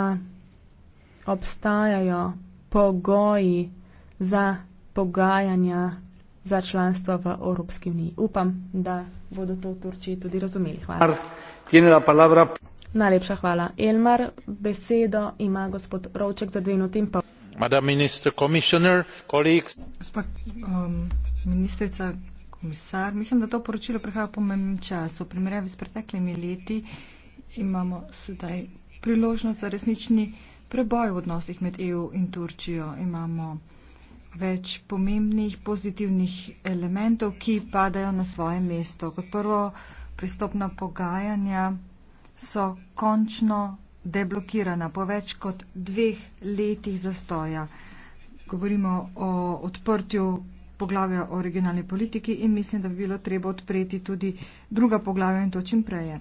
obstajajo pogoji za pogajanja za članstvo v Evropski uniji. Upam, da bodo to v Turčiji tudi razumeli. Hvala. Najlepša hvala. Elmar, besedo ima gospod Rovček za dve minuti in pol.
Minister, Gospa
um, ministrica,
komisar, mislim, da to poročilo prihaja po menem času. V primerjavi s preteklimi leti imamo sedaj priložnost za resnični preboj v odnosih med EU in Turčijo. Imamo več pomembnih pozitivnih elementov, ki padajo na svoje mesto. Kot prvo, pristopna pogajanja so končno deblokirana po več kot dveh letih zastoja. Govorimo o odprtju poglavja o regionalni politiki in mislim, da bi bilo treba odpreti tudi druga poglavja in to čim prej.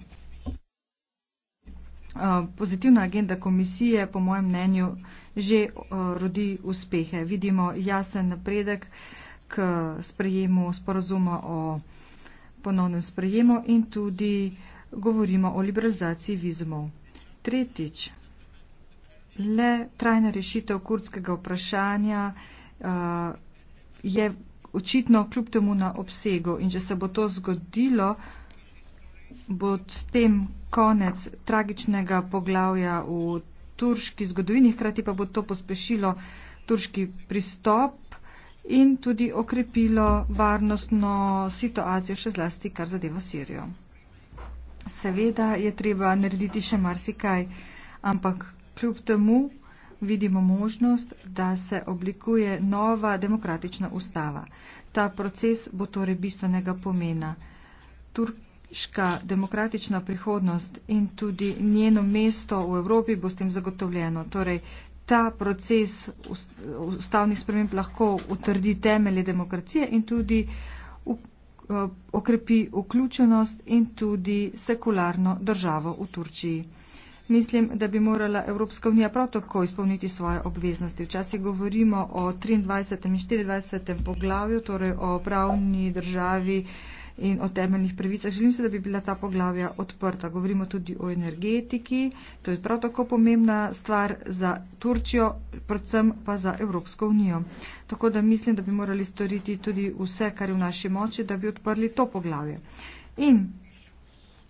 Eh, pozitivna agenda komisije, po mojem mnenju, že eh, rodi uspehe. Vidimo jasen napredek k sprejemu sporazuma o ponovnem sprejemu in tudi govorimo o liberalizaciji vizumov. Tretjič, le trajna rešitev kurdskega vprašanja eh, je očitno kljub temu na obsegu in če se bo to zgodilo, bo tem konec tragičnega poglavja v turški zgodovini, hkrati pa bo to pospešilo turški pristop in tudi okrepilo varnostno situacijo, še zlasti kar zadeva Sirijo. Seveda je treba narediti še marsikaj, ampak kljub temu vidimo možnost, da se oblikuje nova demokratična ustava. Ta proces bo torej bistvenega pomena. Turki Irska demokratična prihodnost in tudi njeno mesto v Evropi bo s tem zagotovljeno. Torej, ta proces ustavnih sprememb lahko utrdi temelje demokracije in tudi eh, okrepi vključenost in tudi sekularno državo v Turčiji. Mislim, da bi morala Evropska unija prav tako izpolniti svoje obveznosti. Včasih govorimo o 23. in 24. poglavju, torej o pravni državi in o temeljnih pravicah. Želim se, da bi bila ta poglavja odprta. Govorimo tudi o energetiki, to je prav tako pomembna stvar za Turčijo, predvsem pa za Evropsko unijo. Tako da mislim, da bi morali storiti tudi vse, kar je v naši moči, da bi odprli to poglavje. In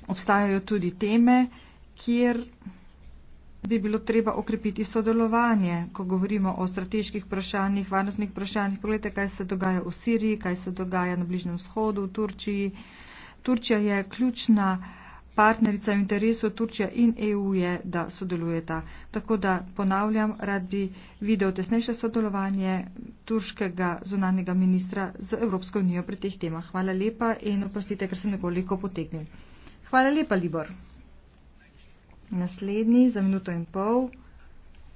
obstajajo tudi teme, kjer bi bilo treba okrepiti sodelovanje, ko govorimo o strateških vprašanjih, varnostnih vprašanjih. Poglejte, kaj se dogaja v Siriji, kaj se dogaja na Bližnjem vzhodu, v Turčiji. Turčija je ključna partnerica v interesu Turčija in EU je, da sodelujeta. Tako da ponavljam, rad bi videl tesnejše sodelovanje turškega zunanjega ministra z Evropsko unijo pri teh temah. Hvala lepa in oprostite, ker sem nekoliko potegnil. Hvala lepa, Libor. Naslednji za minuto in pol,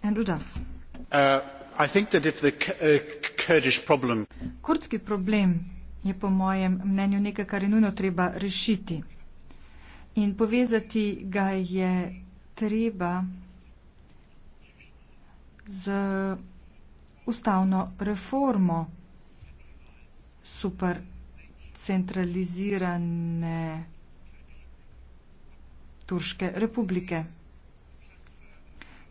Andrew Duff.
Uh, uh, problem...
Kurdski problem je po mojem mnenju nekaj, kar je nujno treba rešiti. In povezati ga je treba z ustavno reformo supercentralizirane Turške republike.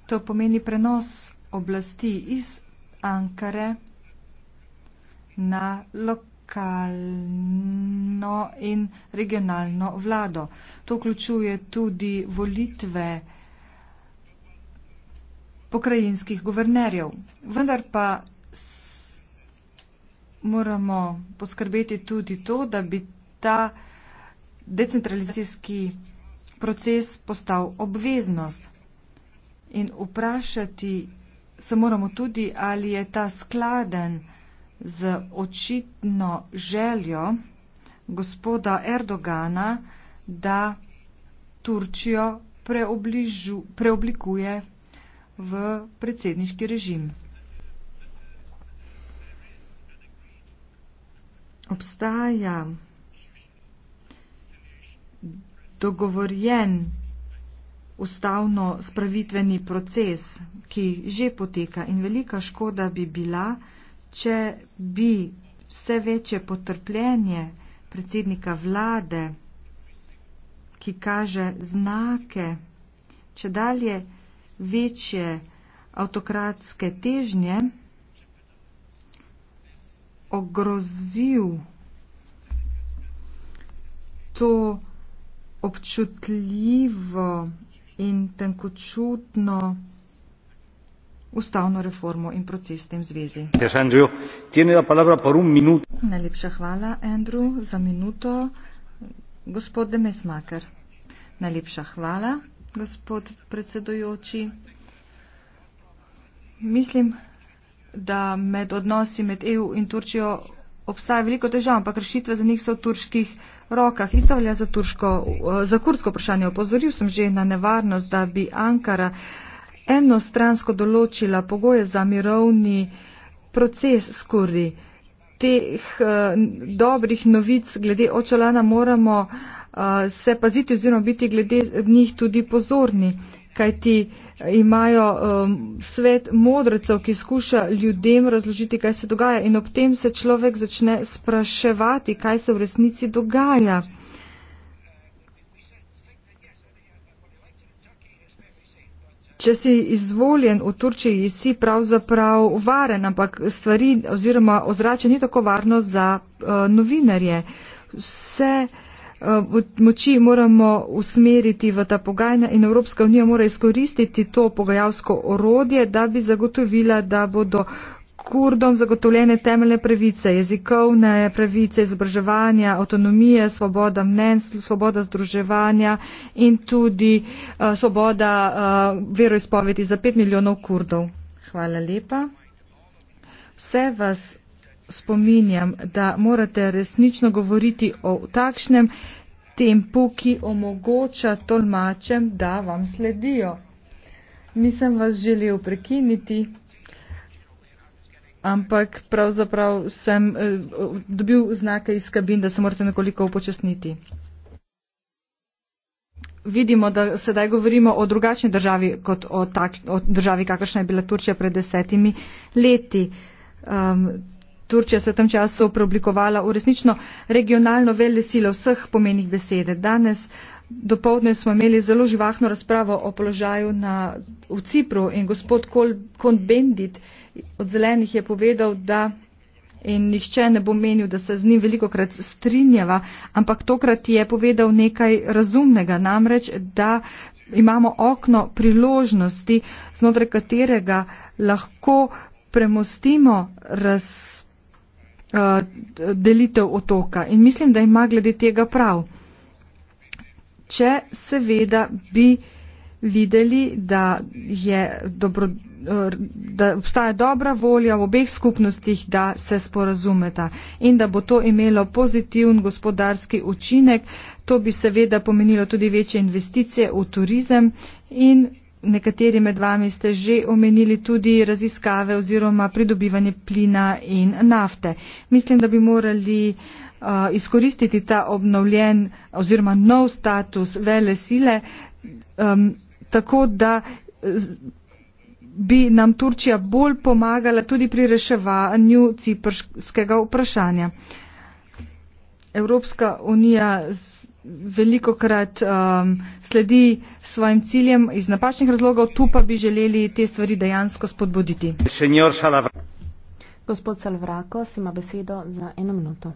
To pomeni prenos oblasti iz Ankare na lokalno in regionalno vlado. To vključuje tudi volitve pokrajinskih guvernerjev. Vendar pa moramo poskrbeti tudi to, da bi ta decentralizacijski proces postal obveznost. In vprašati se moramo tudi, ali je ta skladen z očitno željo gospoda Erdogana, da Turčijo preobližu, preoblikuje v predsedniški režim. Obstaja dogovorjen ustavno spravitveni proces, ki že poteka in velika škoda bi bila, če bi vse večje potrpljenje predsednika vlade, ki kaže znake, če dalje večje avtokratske težnje, ogrozil to občutljivo in tankočutno ustavno reformo in proces s tem zvezi. Najlepša hvala, Andrew, za minuto. Gospod Demesmaker, najlepša hvala, gospod predsedujoči. Mislim, da med odnosi med EU in Turčijo obstaja veliko težav, ampak rešitve za njih so v turških rokah. Isto velja za, turško, eh, za kursko vprašanje. Opozoril sem že na nevarnost, da bi Ankara enostransko določila pogoje za mirovni proces skori. Teh uh, dobrih novic glede očolana moramo uh, se paziti oziroma biti glede njih tudi pozorni. Uh, kajti imajo um, svet modrecev, ki skuša ljudem razložiti, kaj se dogaja in ob tem se človek začne spraševati, kaj se v resnici dogaja. Če si izvoljen v Turčiji, si pravzaprav varen, ampak stvari oziroma ozračje ni tako varno za uh, novinarje. Vse uh, Eh, moči moramo usmeriti v ta pogajanja in Evropska unija mora izkoristiti to pogajalsko orodje, da bi zagotovila, da bodo kurdom zagotovljene temeljne pravice, jezikovne pravice, izobraževanja, avtonomije, svoboda mnen, svoboda združevanja in tudi uh, svoboda uh, veroizpovedi za pet milijonov kurdov. Hvala lepa. Vse vas spominjam, da morate resnično govoriti o takšnem tempu, ki omogoča tolmačem, da vam sledijo. Nisem vas želel prekiniti, ampak pravzaprav sem eh, dobil znake iz kabin, da se morate nekoliko upočasniti. Vidimo, da sedaj govorimo o drugačni državi, kot o, tak, o državi, kakršna je bila Turčija pred desetimi leti. Um, Turčija se je v tem času preoblikovala v resnično regionalno vele sile vseh pomenih besede. Danes dopovdne smo imeli zelo živahno razpravo o položaju na, v Cipru in gospod Kol, Kont Bendit od zelenih je povedal, da in nihče ne bo menil, da se z njim veliko krat strinjava, ampak tokrat je povedal nekaj razumnega, namreč, da imamo okno priložnosti, znotraj katerega lahko premostimo razpravo Eh, delitev otoka in mislim, da ima glede tega prav. Če seveda bi videli, da, je dobro, eh, da obstaja dobra volja v obeh skupnostih, da se sporazumeta in da bo to imelo pozitivn gospodarski učinek, to bi seveda pomenilo tudi večje investicije v turizem in Nekateri med vami ste že omenili tudi raziskave oziroma pridobivanje plina in nafte. Mislim, da bi morali uh, izkoristiti ta obnovljen oziroma nov status vele sile, um, tako da bi nam Turčija bolj pomagala tudi pri reševanju ciprskega vprašanja. Evropska unija z, veliko krat um, sledi svojim ciljem iz napačnih razlogov, tu pa bi želeli te stvari dejansko spodbuditi.
Gospod Salvrako, si ima besedo za eno minuto.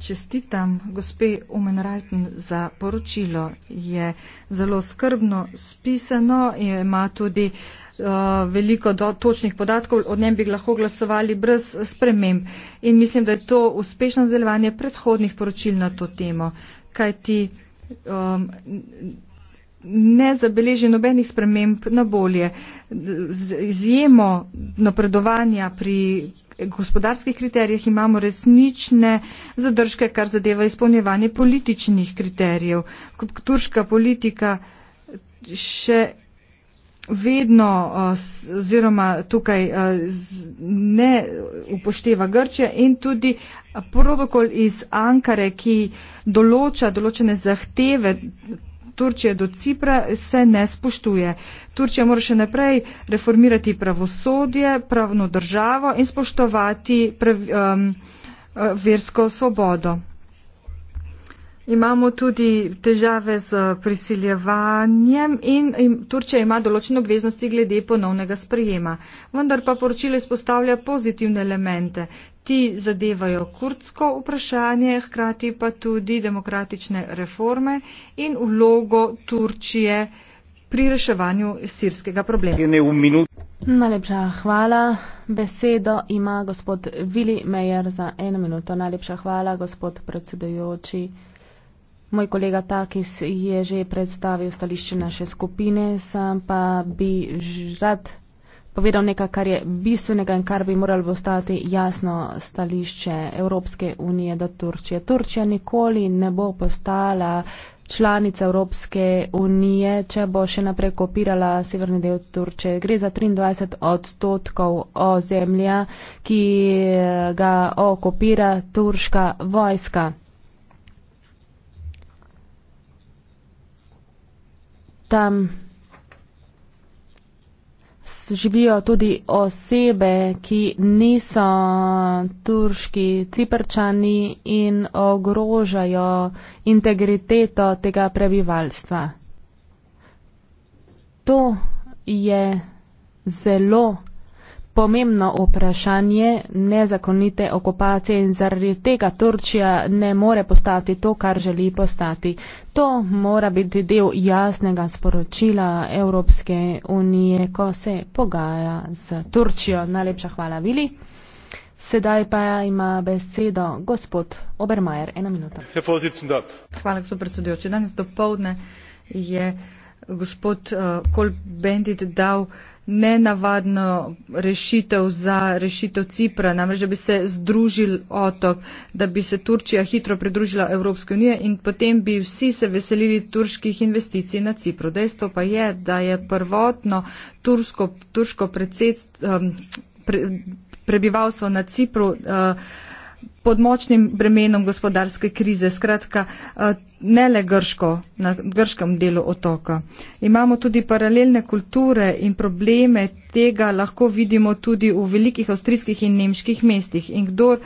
Čestitam gospe Umen Rajten
za poročilo. Je zelo skrbno spisano in ima tudi uh, Eh, veliko do, točnih podatkov, o njem bi lahko glasovali brez sprememb. In mislim, da je to uspešno delovanje predhodnih poročil na to temo, kajti um, ne zabeleži nobenih sprememb na bolje. Z izjemo napredovanja pri gospodarskih kriterijih imamo resnične zadržke, kar zadeva izpolnjevanje političnih kriterijev. Turška politika še vedno uh, oziroma tukaj uh, ne upošteva Grčija in tudi protokol iz Ankare, ki določa določene zahteve Turčije do Cipra, se ne spoštuje. Turčija mora še naprej reformirati pravosodje, pravno državo in spoštovati prav, um, uh, versko svobodo. Imamo tudi težave z prisiljevanjem in, in Turčija ima določene obveznosti glede ponovnega sprejema. Vendar pa poročilo izpostavlja pozitivne elemente. Ti zadevajo kurdsko vprašanje, hkrati pa tudi demokratične reforme in vlogo Turčije pri reševanju sirskega
problema.
Najlepša hvala. Besedo ima gospod Vili Mejer za eno minuto. Najlepša hvala, gospod predsedujoči. Moj kolega Takis je že predstavil stališče naše skupine, sam pa bi rad povedal nekaj, kar je bistvenega in kar bi moralo ostati jasno stališče Evropske unije do Turčije. Turčija nikoli ne bo postala članica Evropske unije, če bo še naprej kopirala severni del Turčije. Gre za 23 odstotkov ozemlja, ki ga okupira turška vojska. tam živijo tudi osebe, ki niso turški ciprčani in ogrožajo integriteto tega prebivalstva. To je zelo pomembno vprašanje nezakonite okupacije in zaradi tega Turčija ne more postati to, kar želi postati. To mora biti del jasnega sporočila Evropske unije, ko se pogaja z Turčijo. Najlepša hvala, Vili. Sedaj pa ima besedo gospod Obermajer. Ena minuta. Hvala, gospod
predsedujoči. Danes do povdne je gospod uh, Kolbendit dal uh, nenavadno rešitev za rešitev Cipra, namreč, da bi se združil otok, da bi se Turčija hitro pridružila Evropske unije in potem bi vsi se veselili turških investicij na Cipru. Dejstvo pa je, da je prvotno tursko, turško predsedstvo, um, pre, prebivalstvo na Cipru uh, pod močnim bremenom gospodarske krize, skratka eh, ne le grško, na grškem delu otoka. Imamo tudi paralelne kulture in probleme tega lahko vidimo tudi v velikih avstrijskih in nemških mestih. In kdor,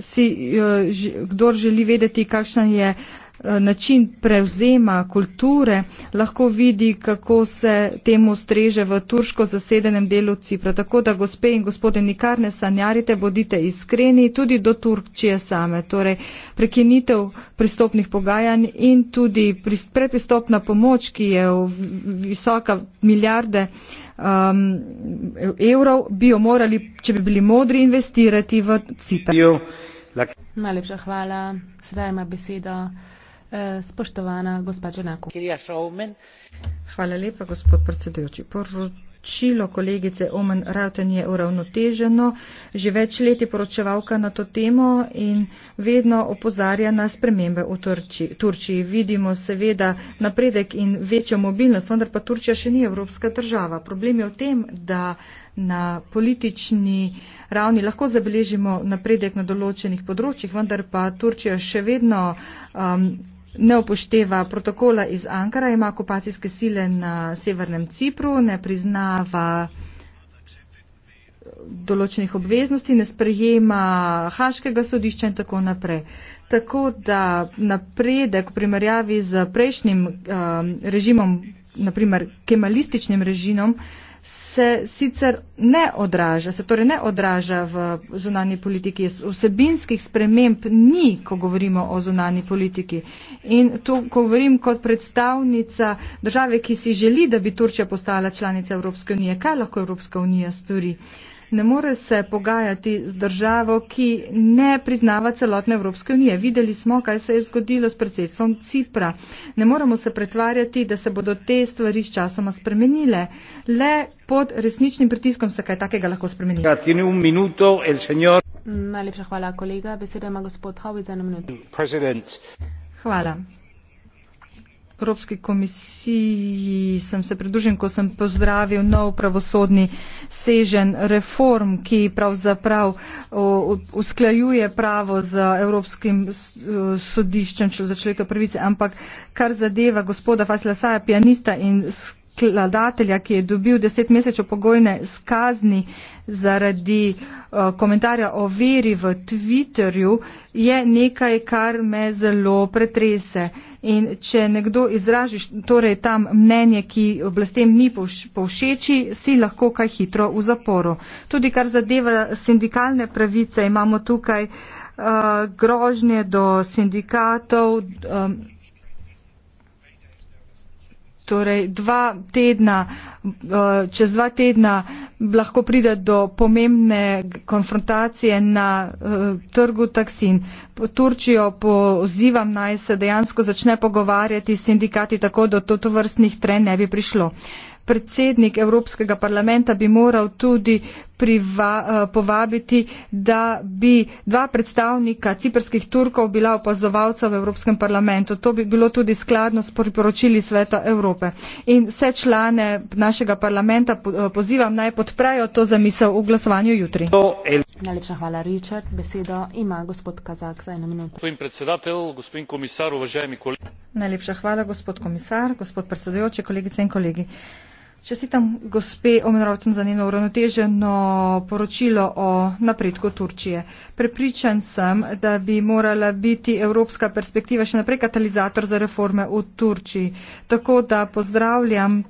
si, eh, kdor želi vedeti, kakšna je uh, Eh, način prevzema kulture, lahko vidi, kako se temu streže v turško zasedenem delu Cipra. Tako da, gospe in gospode, nikar ne sanjarite, bodite iskreni tudi do Turčije same. Torej, prekinitev pristopnih pogajanj in tudi prepristopna pomoč, ki je visoka milijarde um, evrov, bi jo morali, če bi bili modri, investirati v
Cipr.
Najlepša hvala. Sedaj ima besedo. Eh, spoštovana gospa Čenako. Hvala lepa, gospod predsedujoči.
Poročilo kolegice Omen Rauten je uravnoteženo, že več let je poročevalka na to temo in vedno opozarja na spremembe v Turči. Turčiji. Vidimo seveda napredek in večjo mobilnost, vendar pa Turčija še ni evropska država. Problem je v tem, da na politični ravni lahko zabeležimo napredek na določenih področjih, vendar pa Turčija še vedno. Um, ne upošteva protokola iz Ankara, ima okupacijske sile na severnem Cipru, ne priznava določenih obveznosti, ne sprejema Haškega sodišča in tako naprej. Tako da napredek v primerjavi z prejšnjim um, režimom, naprimer kemalističnim režimom, uh, se sicer ne odraža, se torej ne odraža v zunani politiki. Vsebinskih sprememb ni, ko govorimo o zunani politiki. In to govorim kot predstavnica države, ki si želi, da bi Turčija postala članica Evropske unije. Kaj lahko Evropska unija stori? Uh, ne more se pogajati z državo, ki ne priznava celotne Evropske unije. Videli smo, kaj se je zgodilo s predsedstvom Cipra. Ne moremo se pretvarjati, da se bodo te stvari s časoma spremenile. Le
pod resničnim pritiskom se kaj takega lahko spremeni.
Ja,
Najlepša hvala, kolega. Beseda ima gospod Hovic za eno minuto. Hvala.
Evropski komisiji sem se pridružil, ko sem pozdravil nov pravosodni sežen reform, ki pravzaprav usklajuje pravo z Evropskim sodiščem za človeka prvice, ampak kar zadeva gospoda Fasila Saja, pianista in skrbnika, skladatelja, ki je dobil deset mesečev pogojne skazni zaradi uh, komentarja o veri v Twitterju, je nekaj, kar me zelo pretrese. In če nekdo izraži torej tam mnenje, ki oblastem ni povšeči, si lahko kaj hitro v zaporu. Tudi kar zadeva sindikalne pravice, imamo tukaj uh, grožnje do sindikatov. Um, torej dva tedna, eh, čez dva tedna lahko pride do pomembne konfrontacije na eh, trgu taksin. Po Turčijo pozivam naj se dejansko začne pogovarjati s sindikati tako, da do to vrstnih trenj ne bi prišlo predsednik Evropskega parlamenta bi moral tudi priva, eh, povabiti, da bi dva predstavnika ciperskih Turkov bila opazovalca v Evropskem parlamentu. To bi bilo tudi skladno s priporočili Sveta Evrope. In vse člane našega parlamenta eh, pozivam naj podprejo to zamisel v glasovanju jutri. Najlepša hvala, Richard. Besedo ima gospod Kazak za eno minuto.
Gospod predsedatelj, gospod komisar, uvažajmi kolegi.
Najlepša hvala, gospod komisar, gospod predsedujoči, kolegice in kolegi. Čestitam gospe Omenroten za njeno uravnoteženo poročilo o napredku Turčije. Prepričan sem, da bi morala biti evropska perspektiva še naprej katalizator za reforme v Turčiji. Tako da pozdravljam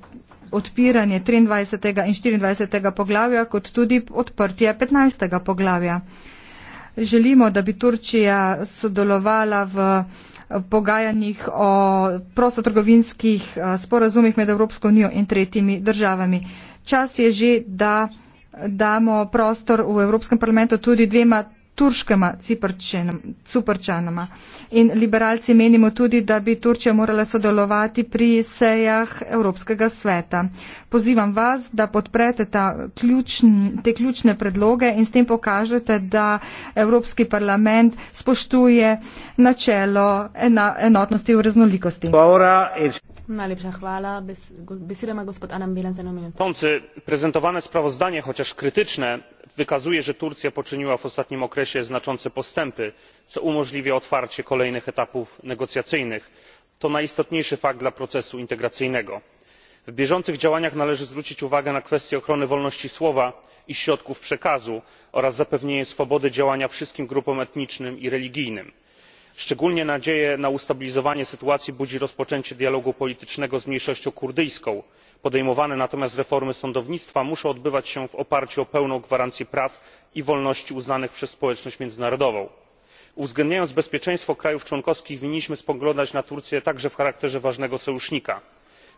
odpiranje 23. in 24. poglavja, kot tudi odprtje 15. poglavja. Želimo, da bi Turčija sodelovala v pogajanjih o prostotrgovinskih eh, sporazumih med Evropsko unijo in tretjimi državami. Čas je že, da damo prostor v Evropskem parlamentu tudi dvema turškema ciprčanama. In liberalci menimo tudi, da bi Turčija morala sodelovati pri sejah Evropskega sveta. Pozivam vas, da podprete ključn, te ključne predloge in s tem pokažete, da Evropski parlament spoštuje načelo ena, enotnosti v raznolikosti.
Najlepša hvala. Besedo ima gospod Anam Bilan za
nominacijo. Prezentovane sprovozdanje, hočeš kritične, wykazuje że turcja poczyniła w ostatnim okresie znaczące postępy co umożliwia otwarcie kolejnych etapów negocjacyjnych. to najistotniejszy fakt dla procesu integracyjnego. w bieżących działaniach należy zwrócić uwagę na kwestię ochrony wolności słowa i środków przekazu oraz zapewnienie swobody działania wszystkim grupom etnicznym i religijnym. szczególnie nadzieję na ustabilizowanie sytuacji budzi rozpoczęcie dialogu politycznego z mniejszością kurdyjską podejmowane natomiast reformy sądownictwa muszą odbywać się w oparciu o pełną gwarancję praw i wolności uznanych przez społeczność międzynarodową. uwzględniając bezpieczeństwo krajów członkowskich winniśmy spoglądać na turcję także w charakterze ważnego sojusznika.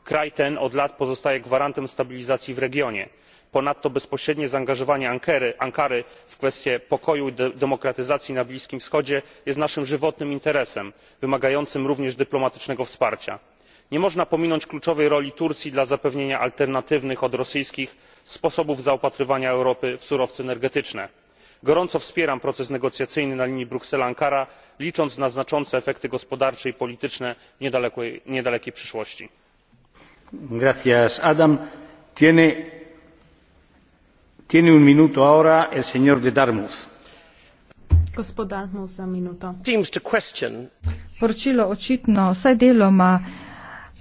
kraj ten od lat pozostaje gwarantem stabilizacji w regionie. ponadto bezpośrednie zaangażowanie ankary w kwestie pokoju i demokratyzacji na bliskim wschodzie jest naszym żywotnym interesem wymagającym również dyplomatycznego wsparcia nie można pominąć kluczowej roli turcji dla zapewnienia alternatywnych od rosyjskich sposobów zaopatrywania europy w surowce energetyczne. gorąco wspieram proces negocjacyjny na linii bruksela ankara licząc na znaczące efekty gospodarcze i polityczne w niedalekiej przyszłości.
poročilo očitno vsaj deloma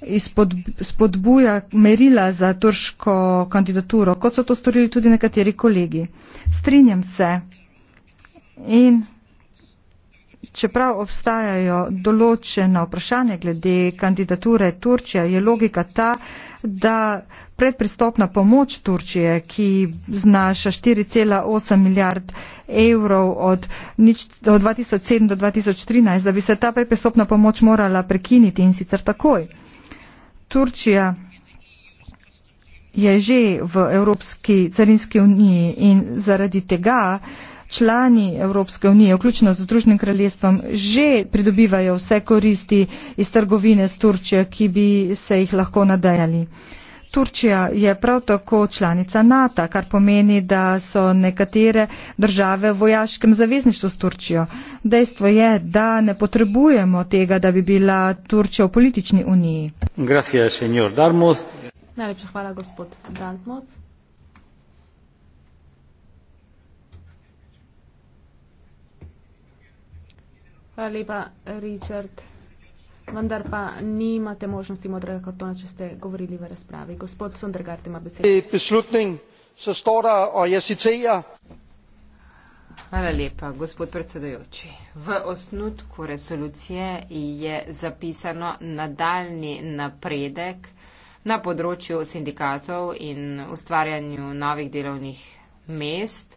izpod, spodbuja merila za turško kandidaturo, kot so to storili tudi nekateri kolegi. Strinjam se. In čeprav obstajajo določena vprašanja glede kandidature Turčije, je logika ta, da predpristopna pomoč Turčije, ki znaša 4,8 milijard evrov od, nič, od 2007 do 2013, da bi se ta predpristopna pomoč morala prekiniti in sicer takoj. Turčija je že v Evropski carinski uniji in zaradi tega člani Evropske unije, vključno z Združenim kraljestvom, že pridobivajo vse koristi iz trgovine s Turčijo, ki bi se jih lahko nadajali. Turčija je prav tako članica NATO, kar pomeni, da so nekatere države v vojaškem zavezništvu s Turčijo. Dejstvo je, da ne potrebujemo tega, da bi bila Turčija v
politični uniji. Najlepša
hvala, gospod Dartmouth. Hvala lepa, Richard. Vendar pa nimate možnosti modrega kartona, če ste govorili v razpravi. Gospod Sondergaard ima besedo.
Beslutning, så står der, og jeg citerer,
Hvala lepa, gospod predsedujoči. V osnutku resolucije je zapisano nadaljni napredek na področju sindikatov in ustvarjanju novih delovnih mest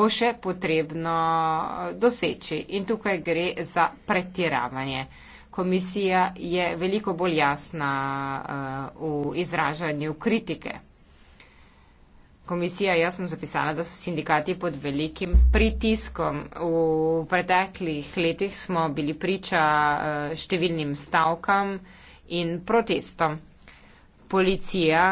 bo še potrebno doseči. In tukaj gre za pretiravanje. Komisija je veliko bolj jasna uh, v izražanju kritike komisija jasno zapisala, da so sindikati pod velikim pritiskom. V preteklih letih smo bili priča eh, številnim stavkam in protestom. Policija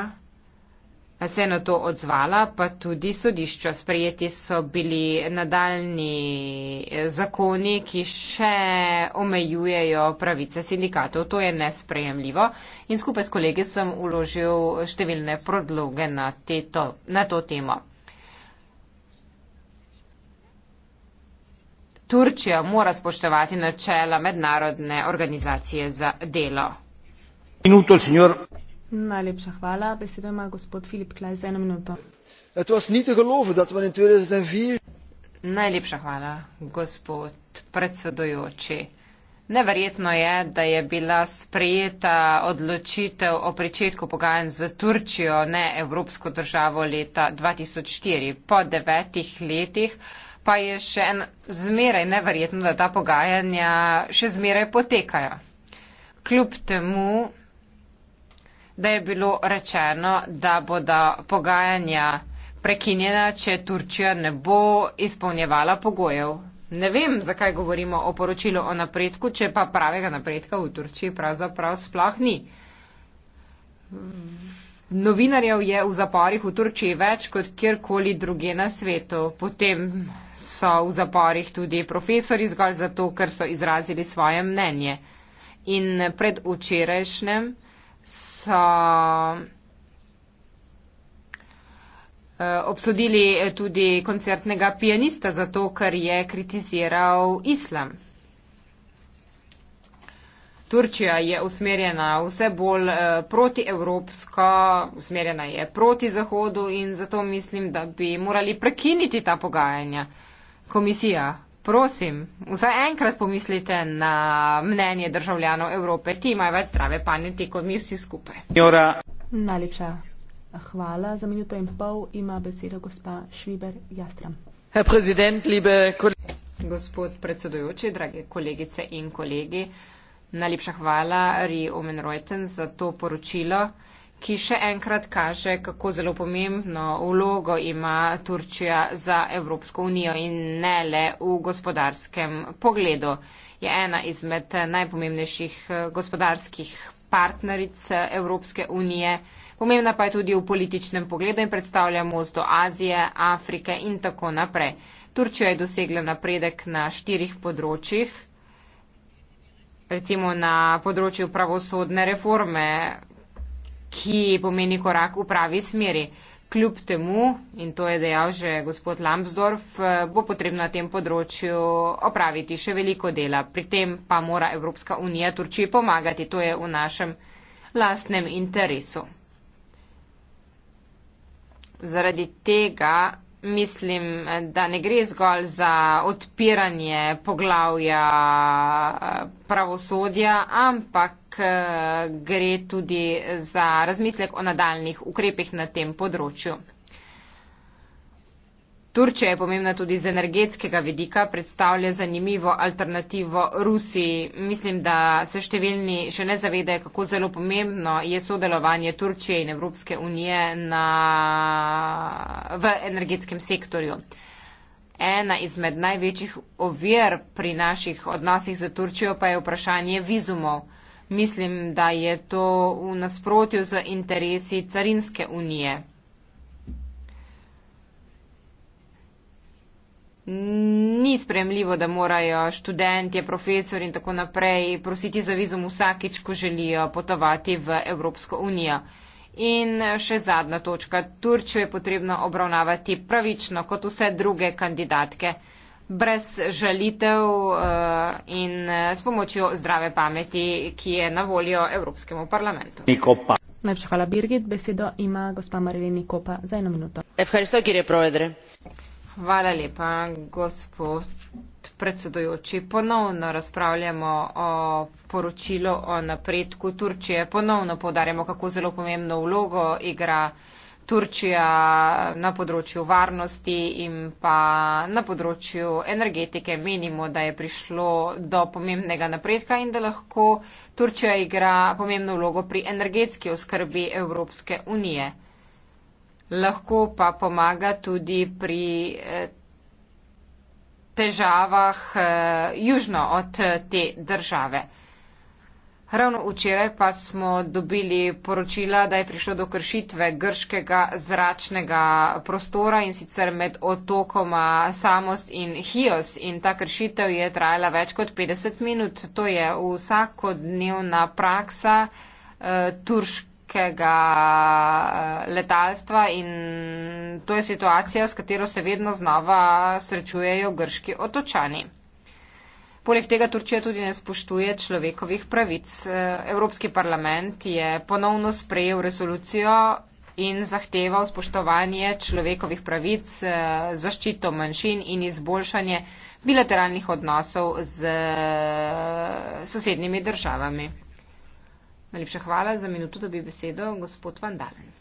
se je na to odzvala, pa tudi sodišča. Sprejeti so bili nadaljni zakoni, ki še omejujejo pravice sindikatov. To je nesprejemljivo in skupaj s kolege sem uložil številne prodloge na, teto, na to temo. Turčija mora spoštovati načela mednarodne organizacije za delo.
Minuto,
Najlepša hvala. Besedo ima gospod Filip Klaj za eno minuto.
Het was niet te
geloven dat we in 2004. Najlepša hvala, gospod predsedujoči. Neverjetno je, da je bila sprejeta odločitev o pričetku pogajanj z Turčijo, ne Evropsko državo leta 2004. Po devetih letih pa je še en zmeraj neverjetno, da ta pogajanja še zmeraj potekajo. Kljub temu da je bilo rečeno, da bodo pogajanja prekinjena, če Turčija ne bo izpolnjevala pogojev. Ne vem, zakaj govorimo o poročilu o napredku, če pa pravega napredka v Turčiji pravzaprav sploh ni. Novinarjev je v zaporih v Turčiji več kot kjerkoli druge na svetu. Potem so v zaporih tudi profesori zgolj zato, ker so izrazili svoje mnenje. In predvčerajšnjem so eh, obsodili tudi koncertnega pianista zato, ker je kritiziral islam. Turčija je usmerjena vse bolj eh, protievropsko, usmerjena je proti Zahodu in zato mislim, da bi morali prekiniti ta pogajanja. Komisija, Prosim, vsaj enkrat pomislite na mnenje državljanov Evrope. Ti imajo več zdrave pameti kot mi vsi skupaj. Jora. Najlepša
hvala. Za minuto in pol ima besedo gospa Šviber Jastram.
Gospod predsedujoči, drage kolegice in kolegi, najlepša hvala Ri Omen Reuten za to poročilo ki še enkrat kaže, kako zelo pomembno vlogo ima Turčija za Evropsko unijo in ne le v gospodarskem pogledu. Je ena izmed najpomembnejših eh, gospodarskih partneric eh, Evropske unije. Pomembna pa je tudi v političnem pogledu in predstavlja most do Azije, Afrike in tako naprej. Turčija je dosegla napredek na štirih področjih, recimo na področju pravosodne reforme, ki pomeni korak v pravi smeri. Kljub temu, in to je dejal že gospod Lambsdorff, bo potrebno na tem področju opraviti še veliko dela. Pri tem pa mora Evropska unija Turčiji pomagati, to je v našem lastnem interesu. Zaradi tega mislim, da ne gre zgolj za odpiranje poglavja eh, pravosodja, ampak eh, gre tudi za razmislek o nadaljnih ukrepih na tem področju. Turčija je pomembna tudi z energetskega vidika, predstavlja zanimivo alternativo Rusiji. Mislim, da se številni še ne zavedajo, kako zelo pomembno je sodelovanje Turčije in Evropske unije na, v energetskem sektorju. Ena izmed največjih ovir pri naših odnosih z Turčijo pa je vprašanje vizumov. Mislim, da je to v nasprotju z interesi carinske unije. ni spremljivo, da morajo študentje, profesori in tako naprej prositi za vizum vsakič, ko želijo potovati v Evropsko unijo. In še zadnja točka. Turčijo je potrebno obravnavati pravično, kot vse druge kandidatke, brez žalitev eh, in eh, s pomočjo zdrave pameti, ki je na voljo Evropskemu parlamentu. Nikopa.
Najprej hvala Birgit, besedo ima gospa Marilini Kopa za eno minuto.
Evhajstok, kjer je provedre? Hvala lepa, gospod predsedojoči. Ponovno razpravljamo o poročilu o napredku Turčije. Ponovno povdarjamo, kako zelo pomembno vlogo igra Turčija na področju varnosti in pa na področju energetike. Menimo, da je prišlo do pomembnega napredka in da lahko Turčija igra pomembno vlogo pri energetski oskrbi Evropske unije lahko pa pomaga tudi pri eh, težavah eh, južno od te države. Ravno včeraj pa smo dobili poročila, da je prišlo do kršitve grškega zračnega prostora in sicer med otokoma Samos in Hios in ta kršitev je trajala več kot 50 minut. To je vsakodnevna praksa eh, turške slovenskega eh, letalstva in to je situacija, s katero se vedno znova srečujejo grški otočani. Poleg tega Turčija tudi ne spoštuje človekovih pravic. Eh, Evropski parlament je ponovno sprejel resolucijo in zahteval spoštovanje človekovih pravic, eh, zaščito manjšin in izboljšanje bilateralnih odnosov z sosednjimi državami. Najlepša hvala za minuto, da bi besedo gospod Vandalen.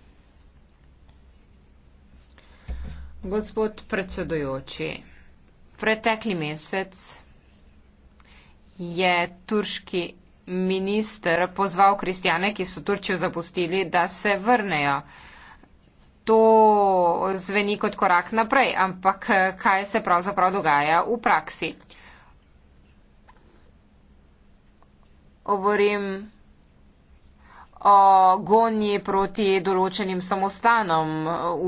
Gospod predsedojoči, pretekli mesec je turški minister pozval kristjane, ki so Turčijo zapustili, da se vrnejo. To zveni kot korak naprej, ampak kaj se pravzaprav dogaja v praksi? Govorim o gonji proti določenim samostanom uh,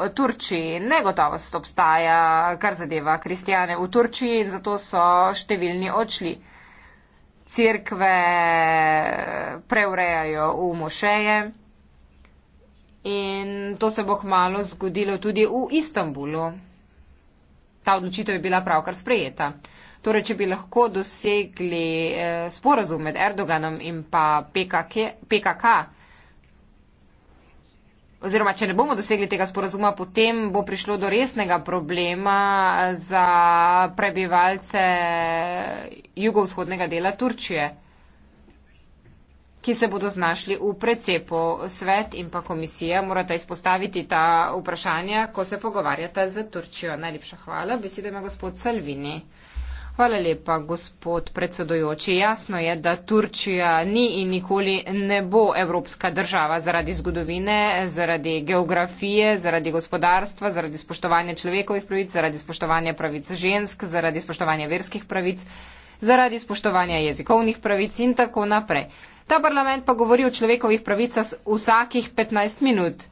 v Turčiji. Negotovost obstaja, kar zadeva kristijane v Turčiji in zato so številni odšli. Cirkve eh, preurejajo v mošeje in to se bo hmalo zgodilo tudi v Istanbulu. Ta odločitev je bila pravkar sprejeta. Torej, če bi lahko dosegli eh, sporazum med Erdoganom in pa PKK, PKK, oziroma če ne bomo dosegli tega sporazuma, potem bo prišlo do resnega problema eh, za prebivalce eh, jugovzhodnega dela Turčije, ki se bodo znašli v precepu. Svet in pa komisija morata izpostaviti ta vprašanja, ko se pogovarjata z Turčijo. Najlepša hvala. Besedo ima gospod Salvini. Hvala lepa, gospod predsedujoči. Jasno je, da Turčija ni in nikoli ne bo evropska država zaradi zgodovine, zaradi geografije, zaradi gospodarstva, zaradi spoštovanja človekovih pravic, zaradi spoštovanja pravic žensk, zaradi spoštovanja verskih pravic, zaradi spoštovanja jezikovnih pravic in tako naprej. Ta parlament pa govori o človekovih pravicah vsakih 15 minut.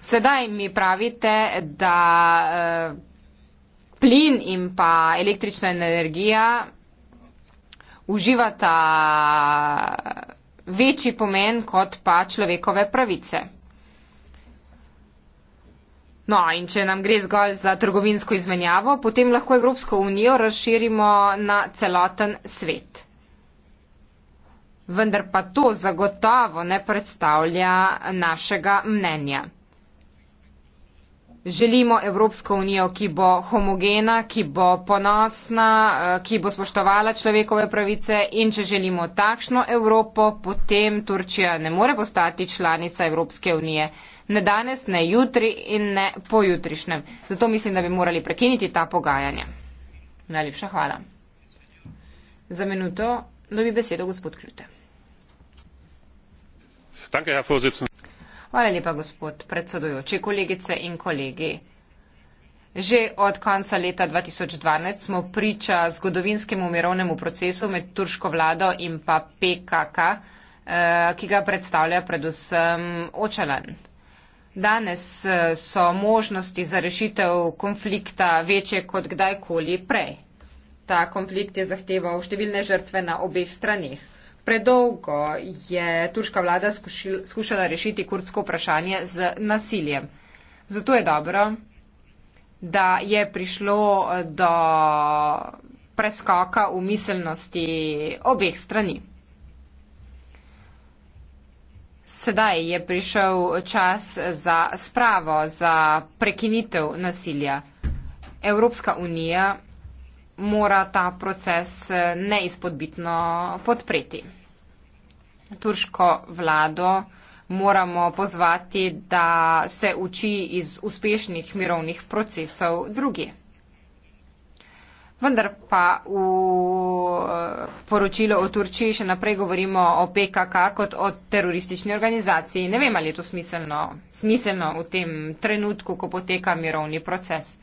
Sedaj mi pravite, da. Eh, plin in pa električna energija uživata večji pomen kot pa človekove pravice. No, in če nam gre zgolj za trgovinsko izmenjavo, potem lahko Evropsko unijo razširimo na celoten svet. Vendar pa to zagotovo ne predstavlja našega mnenja. Želimo Evropsko unijo, ki bo homogena, ki bo ponosna, eh, ki bo spoštovala človekove pravice in če želimo takšno Evropo, potem Turčija ne more postati članica Evropske unije. Ne danes, ne jutri in ne pojutrišnjem. Zato mislim, da bi morali prekiniti ta pogajanja. Najlepša hvala. Za minuto dobi besedo gospod Krjute.
Danke, herr Vorsitzender.
Hvala lepa, gospod predsedujoči, kolegice in kolegi. Že od konca leta 2012 smo priča zgodovinskemu mirovnemu procesu med turško vlado in pa PKK, eh, ki ga predstavlja predvsem Očalan. Danes eh, so možnosti za rešitev konflikta večje kot kdajkoli prej. Ta konflikt je zahteval številne žrtve na obeh stranih. Predolgo je turška vlada skušil, skušala rešiti kurdsko vprašanje z nasiljem. Zato je dobro, da je prišlo eh, do preskoka v miselnosti obeh strani. Sedaj je prišel čas za spravo, za prekinitev nasilja. Evropska unija mora ta proces eh, neizpodbitno podpreti. Turško vlado moramo pozvati, da se uči iz uspešnih mirovnih procesov drugi. Vendar pa v eh, poročilu o Turčiji še naprej govorimo o PKK kot o teroristični organizaciji. Ne vem, ali je to smiselno, smiselno v tem trenutku, ko poteka mirovni proces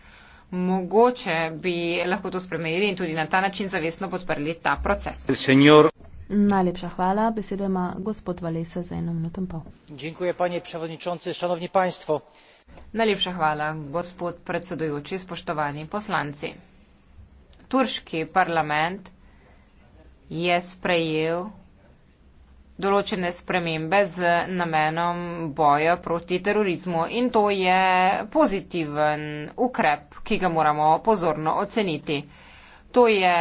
mogoče bi lahko to spremenili in tudi na ta način zavestno podprli ta proces.
Senior.
Najlepša hvala. Besedo ima gospod Valesa za eno minuto in pol.
Dziękuję, panie przewodniczący, szanowni państwo. Najlepša hvala, gospod predsedujoči, spoštovani poslanci. Turški parlament je sprejel določene spremembe z namenom boja proti terorizmu in to je pozitiven ukrep, ki ga moramo pozorno oceniti. To je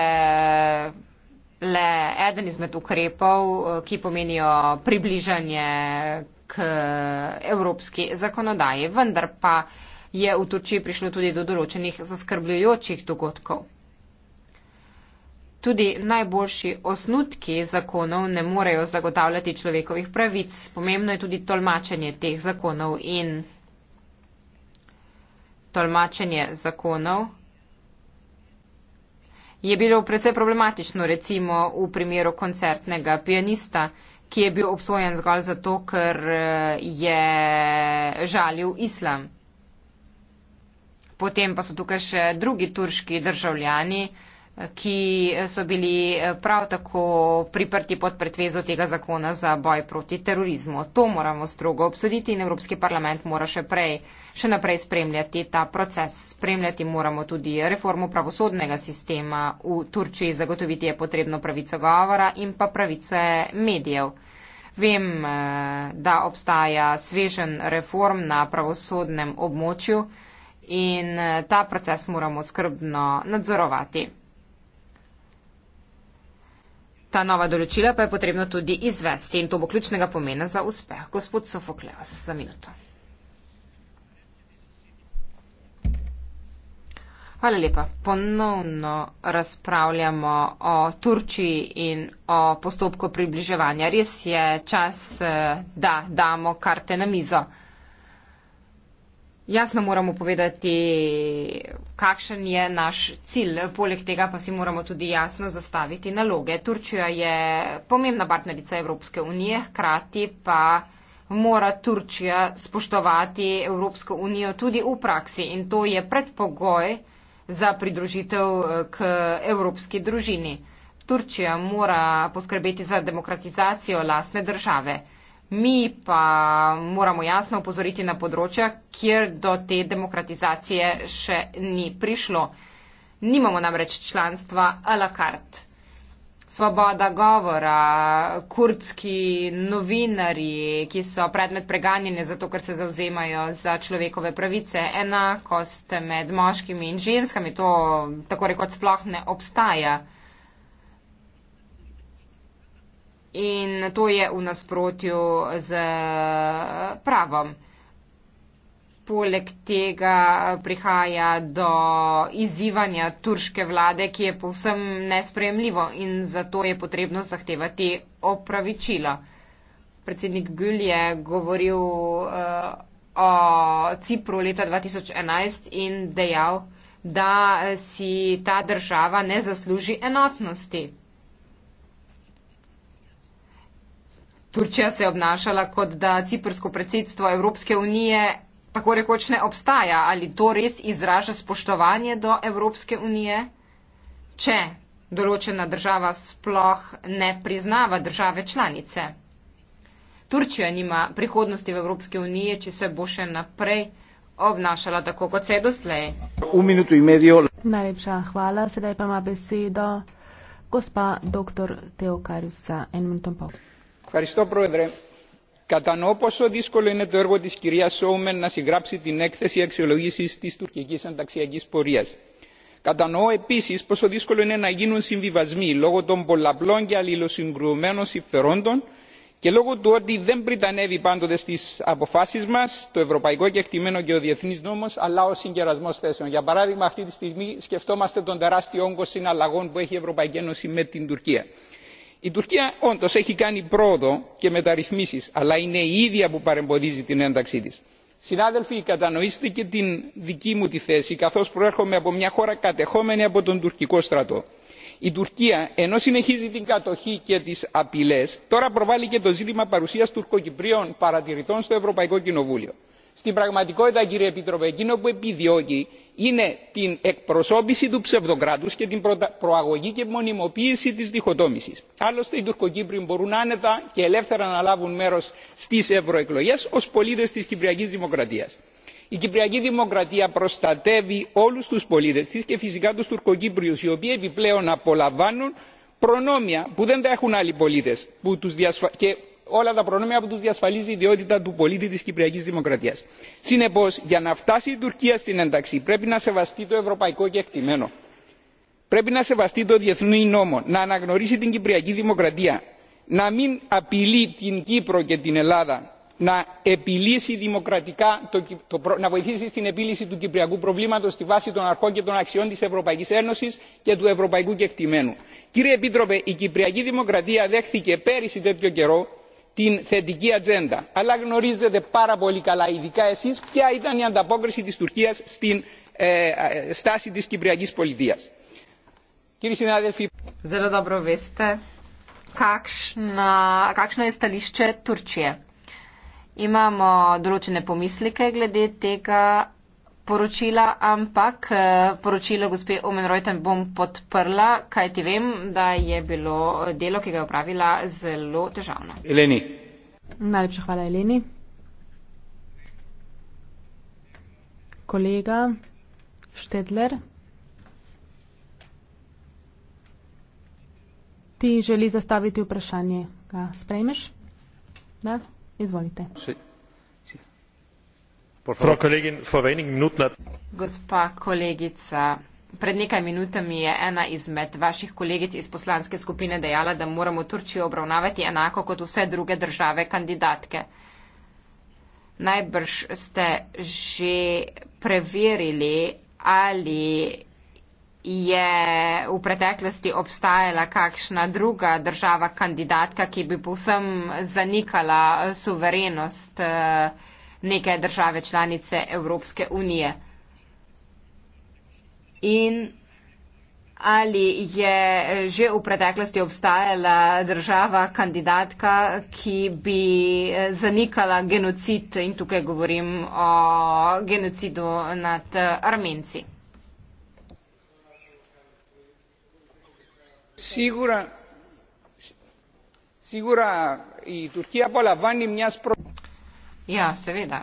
le eden izmed ukrepov, ki pomenijo približanje k evropski zakonodaji, vendar pa je v Turčiji prišlo tudi do določenih zaskrbljujočih dogodkov. Tudi najboljši osnutki zakonov ne morejo zagotavljati človekovih pravic. Pomembno je tudi tolmačenje teh zakonov in tolmačenje zakonov je bilo precej problematično, recimo v primeru koncertnega pianista, ki je bil obsojen zgolj zato, ker je žalil islam. Potem pa so tukaj še drugi turški državljani, ki so bili eh, prav tako priprti pod pretvezo tega zakona za boj proti terorizmu. To moramo strogo obsoditi in Evropski parlament mora še, prej, še naprej spremljati ta proces. Spremljati moramo tudi reformo pravosodnega sistema v Turčiji, zagotoviti je potrebno pravico govora in pa pravice medijev. Vem, eh, da obstaja svežen reform na pravosodnem območju in eh, ta proces moramo skrbno nadzorovati. Ta nova določila pa je potrebno tudi izvesti in to bo ključnega pomena za uspeh. Gospod Sofokleos, za minuto. Hvala lepa. Ponovno razpravljamo o Turčiji in o postopku približevanja. Res je čas, eh, da damo karte na mizo jasno moramo povedati, kakšen je naš cilj. Poleg tega pa si moramo tudi jasno zastaviti naloge. Turčija je pomembna partnerica Evropske unije, hkrati pa mora Turčija spoštovati Evropsko unijo tudi v praksi in to je predpogoj za pridružitev eh, k evropski družini. Turčija mora poskrbeti za demokratizacijo lastne države. Mi pa moramo jasno upozoriti na področja, kjer do te demokratizacije še ni prišlo. Nimamo namreč članstva a la carte. Svoboda govora, kurdski novinari, ki so predmet preganjene zato, ker se zauzemajo za človekove pravice, enakost med moškimi in ženskami, to tako rekoč sploh ne obstaja. In to je v nasprotju z eh, pravom. Poleg tega eh, prihaja do izzivanja turške vlade, ki je povsem nespremljivo in zato je potrebno zahtevati opravičilo. Predsednik Gül je govoril uh, o Cipru leta 2011 in dejal, da si ta država ne zasluži enotnosti. Turčija se je obnašala, kot da ciprsko predsedstvo Evropske unije tako rekoč ne obstaja. Ali to res izraža spoštovanje do Evropske unije, če določena država sploh ne priznava države članice? Turčija nima prihodnosti v Evropske unije, če se bo še naprej obnašala tako, kot se je
doslej.
Najlepša hvala. Sedaj pa ima besedo gospa dr. Teokarjusa. En minuto in pol
ευχαριστώ πρόεδρε κατανοώ πόσο δύσκολο είναι το έργο της κυρίας Σόουμεν να συγγράψει την έκθεση αξιολογήσεις της τουρκικής ανταξιακής πορείας. Κατανοώ επίσης πόσο δύσκολο είναι να γίνουν συμβιβασμοί λόγω των πολλαπλών και αλληλοσυγκρουμένων συμφερόντων και λόγω του ότι δεν πριτανεύει πάντοτε στις αποφάσεις μας το ευρωπαϊκό κεκτημένο και ο διεθνής νόμος αλλά ο συγκερασμός θέσεων. Για παράδειγμα αυτή τη στιγμή σκεφτόμαστε τον τεράστιο όγκο συναλλαγών που έχει η Ευρωπαϊκή Ένωση με την Τουρκία η τουρκία όντω έχει κάνει πρόοδο και μεταρρυθμίσει αλλά είναι η ίδια που παρεμποδίζει την ένταξή τη. Συνάδελφοι, κατανοήστε και την δική μου τη θέση, καθώ προέρχομαι από μια χώρα κατεχόμενη από τον τουρκικό στρατό. Η Τουρκία, ενώ συνεχίζει την κατοχή και τι απειλέ, τώρα προβάλλει και το ζήτημα παρουσία τουρκοκυπρίων παρατηρητών στο Ευρωπαϊκό Κοινοβούλιο στην πραγματικότητα κύριε Επίτροπε εκείνο που επιδιώκει είναι την εκπροσώπηση του ψευδοκράτους και την προαγωγή και μονιμοποίηση της διχοτόμησης. Άλλωστε οι Τουρκοκύπριοι μπορούν άνετα και ελεύθερα να λάβουν μέρος στις ευρωεκλογές ως πολίτες της Κυπριακής Δημοκρατίας. Η Κυπριακή Δημοκρατία προστατεύει όλους τους πολίτες της και φυσικά τους Τουρκοκύπριους οι οποίοι επιπλέον απολαμβάνουν προνόμια που δεν τα έχουν άλλοι πολίτες που τους διασφα... και όλα τα προνόμια που του διασφαλίζει η ιδιότητα του πολίτη τη Κυπριακή Δημοκρατία. Συνεπώ, για να φτάσει η Τουρκία στην ένταξη, πρέπει να σεβαστεί το ευρωπαϊκό κεκτημένο. Πρέπει να σεβαστεί το διεθνή νόμο, να αναγνωρίσει την Κυπριακή Δημοκρατία, να μην απειλεί την Κύπρο και την Ελλάδα, να επιλύσει δημοκρατικά, το, το, να βοηθήσει στην επίλυση του Κυπριακού προβλήματο στη βάση των αρχών και των αξιών τη Ευρωπαϊκή Ένωση και του Ευρωπαϊκού Κεκτημένου. Κύριε Επίτροπε, η Κυπριακή Δημοκρατία δέχθηκε πέρυσι τέτοιο καιρό την θετική ατζέντα αλλά γνωρίζετε πάρα πολύ καλά ειδικά εσεί ποια ήταν η ανταπόκριση τη τουρκία στην ε, ε, στάση τη κυπριακή πολιτεία. Κύριε συνάδελφοι.
Zelo dobro veste, kakšna, kakšno je stališče Turčije. Imamo določene pomislike glede tega, poročila, ampak eh, poročilo gospe Omen Rojten bom podprla, kaj ti vem, da je bilo delo, ki ga je upravila, zelo težavno.
Eleni.
Najlepša hvala, Eleni. Kolega Štedler. Ti želi zastaviti vprašanje, ga sprejmeš? Da,
izvolite. Še. Gospa kolegica, pred nekaj minutami je ena izmed vaših kolegic iz poslanske skupine dejala, da moramo Turčijo obravnavati enako kot vse druge države kandidatke. Najbrž ste že preverili, ali je v preteklosti obstajala kakšna druga država kandidatka, ki bi povsem zanikala suverenost. Uh, neke države članice Evropske unije. In ali je eh, že v preteklosti obstajala država kandidatka, ki bi eh, zanikala genocid in tukaj govorim o genocidu nad eh, Armenci?
Sigura, sigura, Ja, seveda.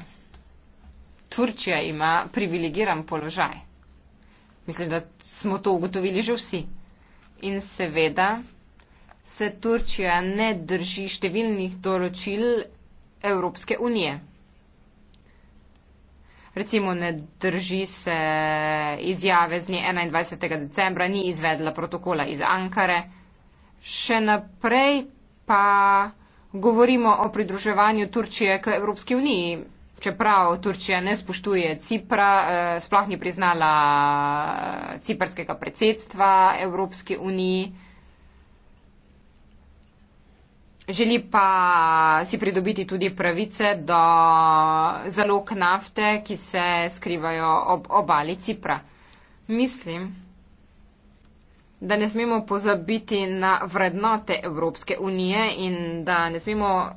Turčija ima privilegiran položaj. Mislim, da smo to ugotovili že vsi. In seveda se Turčija ne drži številnih določil Evropske unije. Recimo ne drži se izjave z dne 21. decembra, ni izvedla protokola iz Ankare. Še naprej pa govorimo o pridruževanju Turčije k Evropski uniji, čeprav Turčija ne spoštuje Cipra, eh, sploh ni priznala eh, ciprskega predsedstva Evropski uniji. Želi pa si pridobiti tudi pravice do zalog nafte, ki se skrivajo ob obali Cipra. Mislim, da ne smemo pozabiti na vrednote Evropske unije in da ne smemo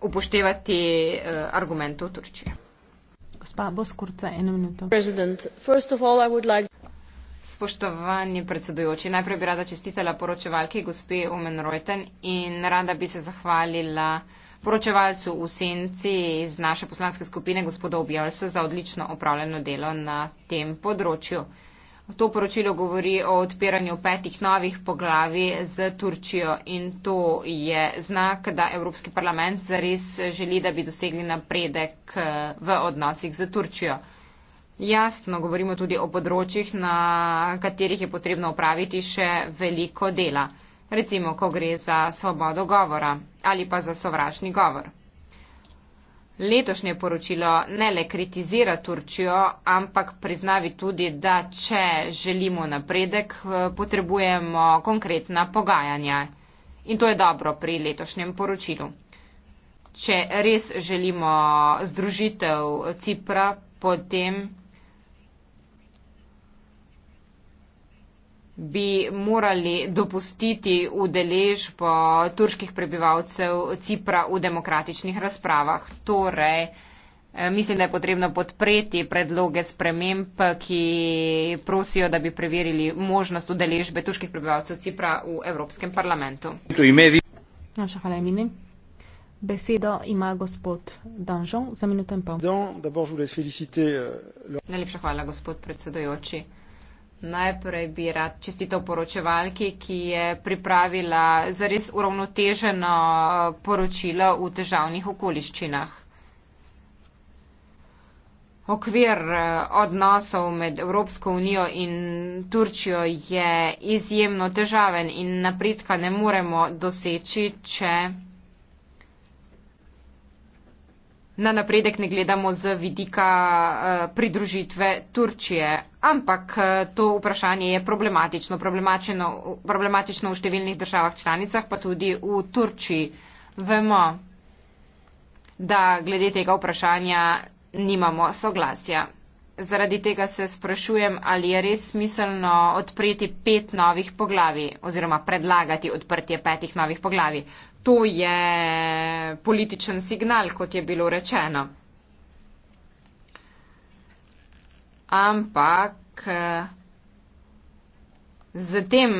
upoštevati uh, argumentov Turčije. Gospa Boskurca, eno minuto. Spoštovani predsedujoči, najprej bi rada čestitela poročevalki gospe Omen Rojten in rada bi se zahvalila poročevalcu v senci iz naše poslanske skupine gospoda Objavsa za odlično opravljeno delo na tem področju. To poročilo govori o odpiranju petih novih poglavi z Turčijo in to je znak, da Evropski parlament zares želi, da bi dosegli napredek eh, v odnosih z Turčijo. Jasno, govorimo tudi o področjih, na katerih je potrebno opraviti še veliko dela. Recimo, ko gre za svobodo govora ali pa za sovražni govor letošnje poročilo ne le kritizira Turčijo, ampak priznavi tudi, da če želimo napredek, eh, potrebujemo konkretna pogajanja. In to je dobro pri letošnjem poročilu. Če res želimo združitev Cipra, potem bi morali dopustiti udeležbo turških prebivalcev Cipra v demokratičnih razpravah. Torej, eh, mislim, da je potrebno podpreti predloge sprememb, ki prosijo, da bi preverili možnost udeležbe turških prebivalcev Cipra v Evropskem parlamentu. Naša hvala, Emine. Besedo ima
gospod Danžon za minuto in pol. Euh,
Najlepša hvala, gospod predsedojoči. Najprej bi rad čestitev poročevalki, ki je pripravila zares uravnoteženo eh, poročilo v težavnih okoliščinah. Okvir eh, odnosov med Evropsko unijo in Turčijo je izjemno težaven in napredka ne moremo doseči, če na napredek ne gledamo z vidika eh, pridružitve Turčije. Ampak eh, to vprašanje je problematično, problematično, problematično v številnih državah članicah, pa tudi v Turčiji. Vemo, da glede tega vprašanja nimamo soglasja. Zaradi tega se sprašujem, ali je res smiselno odpreti pet novih poglavi oziroma predlagati odprtje petih novih poglavi to je političen signal, kot je bilo rečeno. Ampak z eh, tem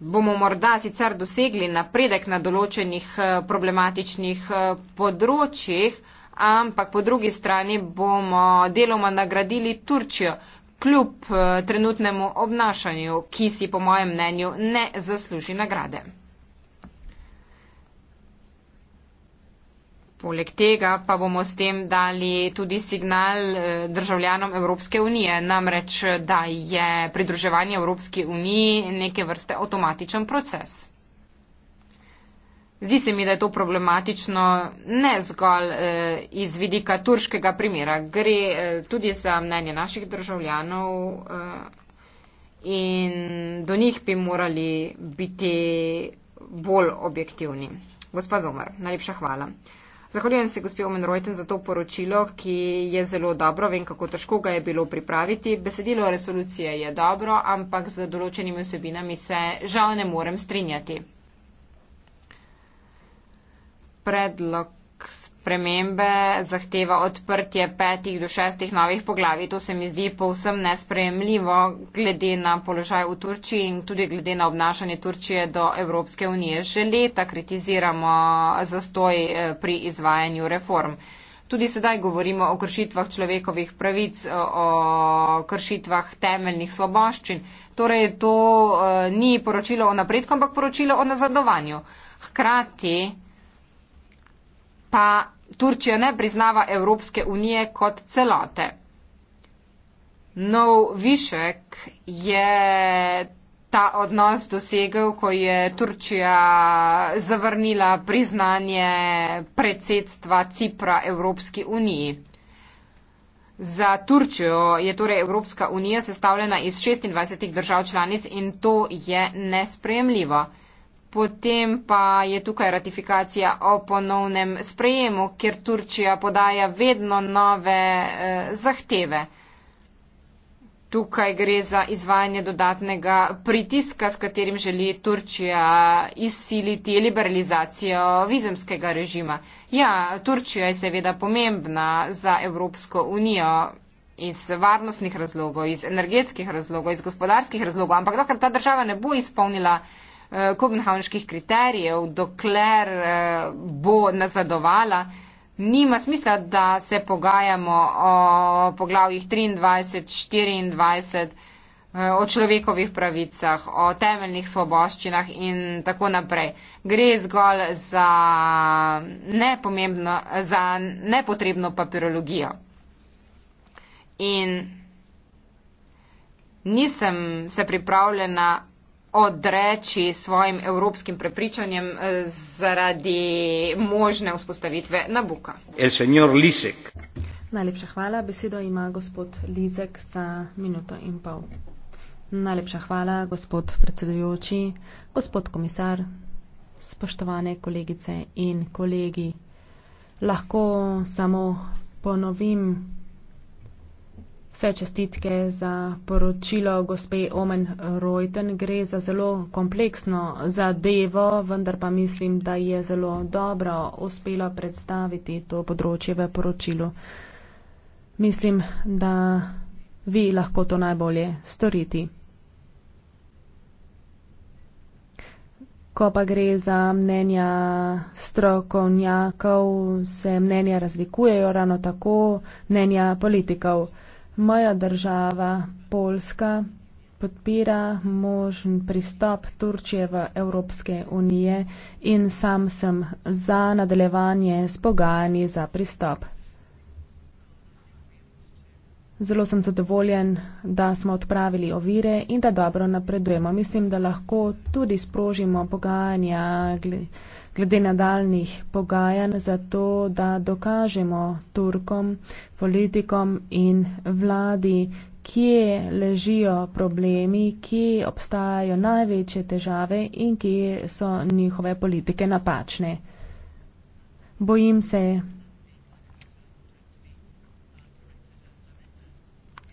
bomo morda sicer dosegli napredek na določenih eh, problematičnih eh, področjih, ampak po drugi strani bomo deloma nagradili Turčijo kljub trenutnemu obnašanju, ki si po mojem mnenju ne zasluži nagrade. Poleg tega pa bomo s tem dali tudi signal eh, državljanom Evropske unije, namreč, da je pridruževanje Evropske unije neke vrste avtomatičen proces. Zdi se mi, da je to problematično ne zgolj eh, iz vidika turškega primera, gre eh, tudi za mnenje naših državljanov eh, in do njih bi morali biti bolj objektivni. Gospa Zomar, najlepša hvala. Zahvaljujem se gospe Omenrojten za to poročilo, ki je zelo dobro. Vem, kako težko ga je bilo pripraviti. Besedilo resolucije je dobro, ampak z določenimi osebinami se žal ne morem strinjati. Predlog vsak spremembe zahteva odprtje petih do šestih novih poglavij. To se mi zdi povsem nesprejemljivo glede na položaj v Turčiji in tudi glede na obnašanje Turčije do Evropske unije. Že leta kritiziramo zastoj eh, pri izvajanju reform. Tudi sedaj govorimo o kršitvah človekovih pravic, o kršitvah temeljnih svoboščin. Torej, to uh, ni poročilo o napredku, ampak poročilo o nazadovanju. Hkrati uh, pa Turčija ne priznava Evropske unije kot celote. Nov višek je ta odnos dosegel, ko je Turčija zavrnila priznanje predsedstva Cipra Evropski uniji. Za Turčijo je torej Evropska unija sestavljena iz 26 držav članic in to je nespremljivo. Potem pa je tukaj ratifikacija o ponovnem sprejemu, ker Turčija podaja vedno nove eh, zahteve. Tukaj gre za izvajanje dodatnega pritiska, s katerim želi Turčija izsiliti liberalizacijo vizemskega režima. Ja, Turčija je seveda pomembna za Evropsko unijo iz varnostnih razlogov, iz energetskih razlogov, iz gospodarskih razlogov, ampak dokler ta država ne bo izpolnila kopenhavnških kriterijev, dokler eh, bo nazadovala, nima smisla, da se pogajamo o poglavjih 23, 24, eh, o človekovih pravicah, o temeljnih svoboščinah in tako naprej. Gre zgolj za, za nepotrebno papirologijo. In nisem se pripravljena odreči svojim evropskim prepričanjem eh, zaradi možne vzpostavitve Nabuka.
El senor Lisek.
Najlepša hvala. Besedo ima gospod Lizek
za minuto in pol. Najlepša hvala, gospod predsedujoči, gospod komisar, spoštovane kolegice in kolegi. Lahko samo ponovim, Vse čestitke za poročilo gospe Omen Rojten. Gre za zelo kompleksno zadevo, vendar pa mislim, da je zelo dobro uspela predstaviti to področje v poročilu. Mislim, da vi lahko to najbolje storiti. Ko pa gre za mnenja strokovnjakov, se mnenja razlikujejo ravno tako mnenja politikov moja država, Poljska, podpira možen pristop Turčije v Evropske unije in sam sem za nadaljevanje s pogajanji za pristop. Zelo sem zadovoljen, da smo odpravili ovire in da dobro napredujemo. Mislim, da lahko tudi sprožimo pogajanja. Gled glede nadaljnih pogajanj za to, da dokažemo Turkom, politikom in vladi, kje ležijo problemi, kje obstajajo največje težave in kje so njihove politike napačne. Bojim se,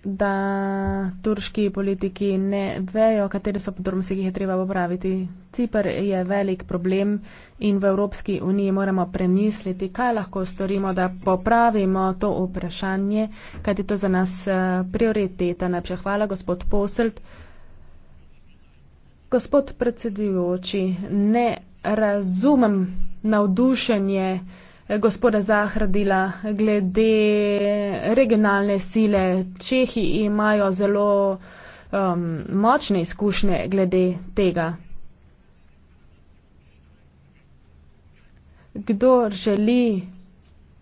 da turški politiki ne vejo, katere so podrobnosti, ki jih je treba popraviti. Cipr je velik problem in v Evropski uniji moramo premisliti, kaj lahko storimo, da popravimo to vprašanje, kajti to za nas eh, prioriteta. Najprej hvala, gospod Poselt. Gospod predsedujoči, ne razumem navdušenje gospoda Zahradila glede regionalne sile. Čehi imajo zelo um, močne izkušnje glede tega. Kdor želi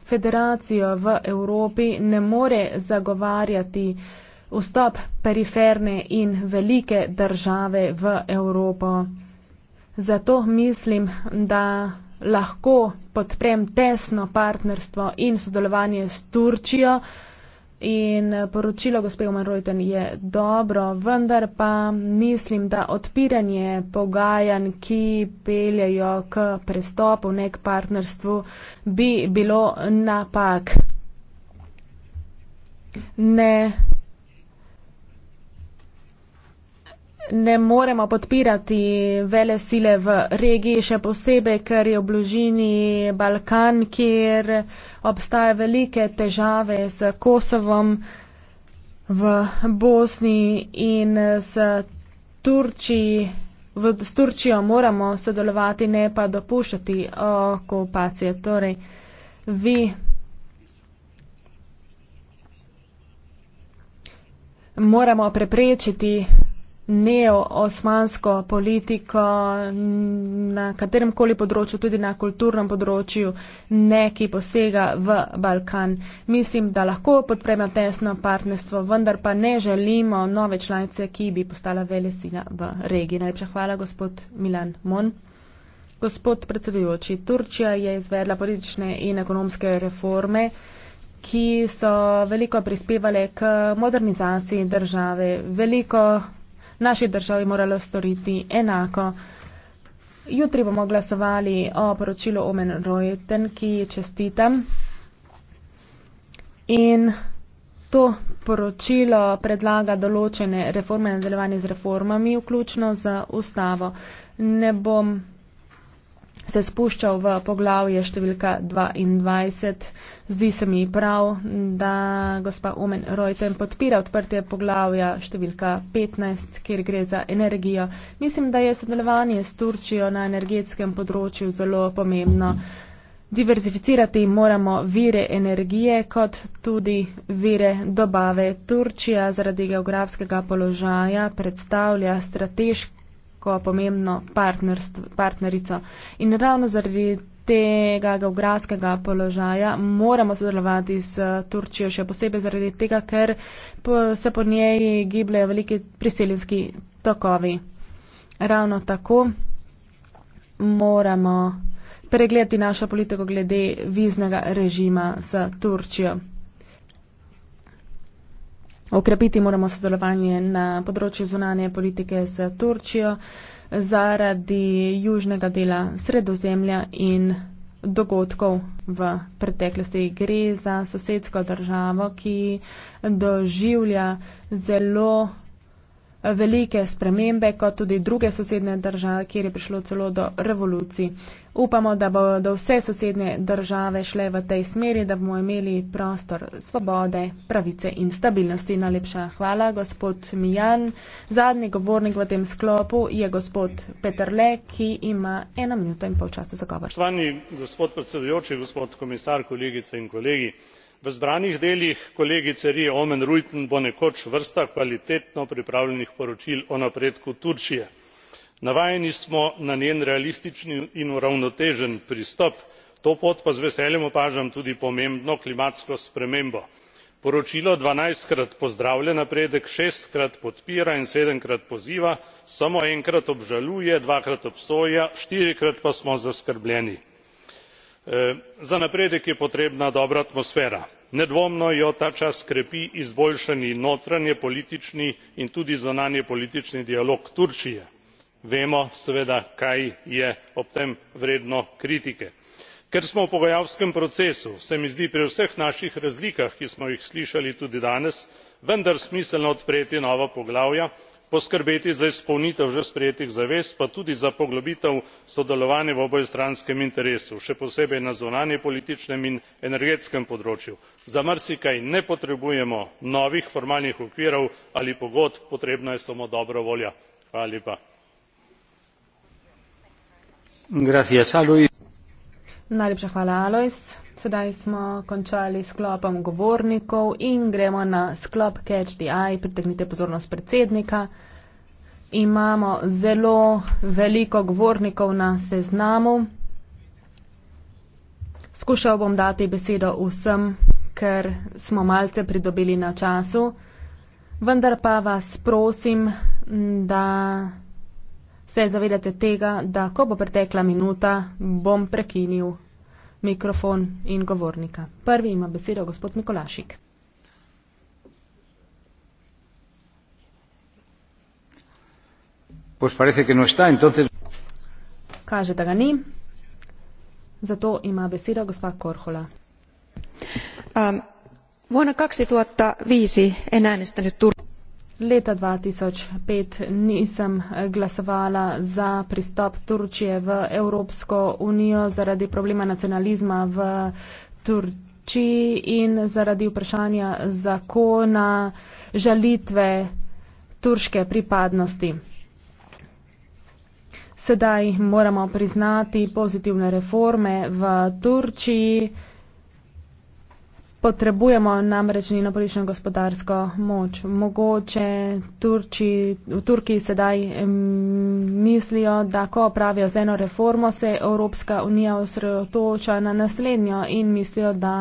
federacijo v Evropi, ne more zagovarjati vstop periferne in velike države v Evropo. Zato mislim, da lahko podprem tesno partnerstvo in sodelovanje s Turčijo. In eh, poročilo gospe Omarojten je dobro, vendar pa mislim, da odpiranje pogajanj, ki peljajo k prestopu, ne k partnerstvu, bi bilo napak. Ne ne moremo podpirati vele sile v regiji, še posebej, ker je v bližini Balkan, kjer obstaja velike težave s Kosovom v Bosni in s Turčiji. V, s Turčijo moramo sodelovati, ne pa dopuščati okupacije. Torej, vi moramo preprečiti neo-osmansko politiko na katerem koli področju, tudi na kulturnem področju, neki posega v Balkan. Mislim, da lahko podpremo tesno partnerstvo, vendar pa ne želimo nove članice, ki bi postala vele sila v regiji. Najlepša hvala, gospod Milan Mon. Gospod predsedujoči, Turčija je izvedla politične in ekonomske reforme ki so veliko prispevale k modernizaciji države. Veliko naši državi moralo storiti enako. Jutri bomo glasovali o poročilu Omen Rojten, ki je čestitam. In to poročilo predlaga določene reforme nadaljevanje z reformami, vključno z ustavo. Ne bom se spuščal v poglavje številka 22. Zdi se mi prav, da gospa Omen Reuten podpira odprtje poglavja številka 15, kjer gre za energijo. Mislim, da je sodelovanje s Turčijo na energetskem področju zelo pomembno. Diverzificirati moramo vire energije, kot tudi vire dobave. Turčija zaradi geografskega položaja predstavlja strateški neko pomembno partnerico. In ravno zaradi tega geografskega položaja moramo sodelovati s eh, Turčijo, še posebej zaradi tega, ker se po njej gibljajo veliki priseljenski tokovi. Ravno tako moramo pregledati našo politiko glede viznega režima s Turčijo. Okrepiti moramo sodelovanje na področju zunanje politike z Turčijo zaradi južnega dela sredozemlja in dogodkov v preteklosti. Gre za sosedsko državo, ki doživlja zelo velike spremembe, kot tudi druge sosedne države, kjer je prišlo celo do revolucij. Upamo, da bodo vse sosedne države šle v tej smeri, da bomo imeli prostor svobode, pravice in stabilnosti. Najlepša hvala, gospod Mijan. Zadnji govornik v tem sklopu je gospod Petr Le, ki ima eno minuto in pol časa za govor.
Spoštovani gospod predsedujoči, gospod komisar, kolegice in kolegi v zbranih delih kolegice ry oomen ruijten bo nekoč vrsta kvalitetno pripravljenih poročil o napredku turčije. navajeni smo na njen realističen in uravnotežen pristop to pot pa z veseljem opažam tudi pomembno klimatsko spremembo. poročilo dvanajstkrat pozdravlja napredek šestkrat podpira in sedemkrat poziva samo enkrat obžaluje dvakrat obsoja štirikrat pa smo zaskrbljeni. E, za napredek je potrebna dobra atmosfera nedvomno jo ta čas krepi izboljšani notranjepolitični in tudi zunanjepolitični dialog turčije vemo seveda kaj je ob tem vredno kritike. ker smo v pogajalskem procesu se mi zdi pri vseh naših razlikah ki smo jih slišali tudi danes vendar smiselno odpreti nova poglavja poskrbeti za izpolnitev že sprejetih zavez pa tudi za poglobitev sodelovanja v obojestranskem interesu še posebej na zunanjepolitičnem in energetskem področju. za marsikaj ne potrebujemo novih formalnih okvirov ali pogodb potrebna je samo dobra volja.
Sedaj smo končali sklopom govornikov in gremo na sklop Catch the Eye, pritegnite pozornost predsednika. Imamo zelo veliko govornikov na seznamu. Skušal bom dati besedo vsem, ker smo malce pridobili na času, vendar pa vas prosim, da se zavedate tega, da ko bo pretekla minuta, bom prekinil mikrofon in govornika. Prvi ima besedo gospod Mikolašik.
No
Kaže, da ga ni. Zato ima besedo gospa Korhola. Um, 2005 en äänestänyt Turkkiin. Leta 2005 nisem eh, glasovala za pristop Turčije v Evropsko unijo zaradi problema nacionalizma v Turčiji in zaradi vprašanja zakona žalitve turške pripadnosti. Sedaj moramo priznati pozitivne reforme v Turčiji. Potrebujemo namreč njeno politično gospodarsko moč. Mogoče Turči, v Turki sedaj mislijo, da ko pravijo z eno reformo, se Evropska unija osredotoča na naslednjo in mislijo, da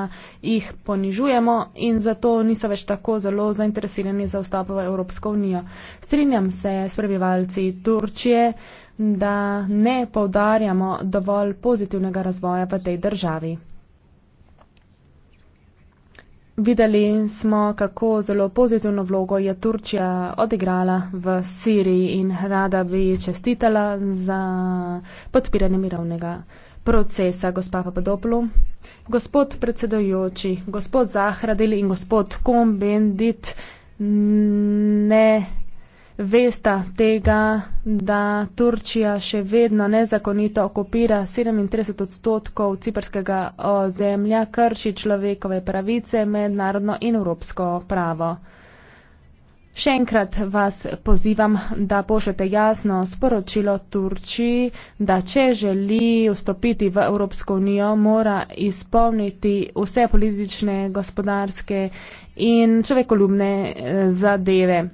jih ponižujemo in zato niso več tako zelo zainteresirani za vstop v Evropsko unijo. Strinjam se s prebivalci Turčije, da ne povdarjamo dovolj pozitivnega razvoja v tej državi. Videli smo, kako zelo pozitivno vlogo je Turčija odigrala v Siriji in rada bi čestitala za podpiranje mirovnega procesa, gospa Papadoplu. Gospod predsedojoči, gospod Zahradil in gospod Kombendit, ne vesta tega, da Turčija še vedno nezakonito okupira 37 odstotkov ciperskega ozemlja, krši človekove pravice, mednarodno in evropsko pravo. Še enkrat vas pozivam, da pošljete jasno sporočilo Turčiji, da če želi vstopiti v Evropsko unijo, mora izpolniti vse politične, gospodarske in človekoljubne eh, zadeve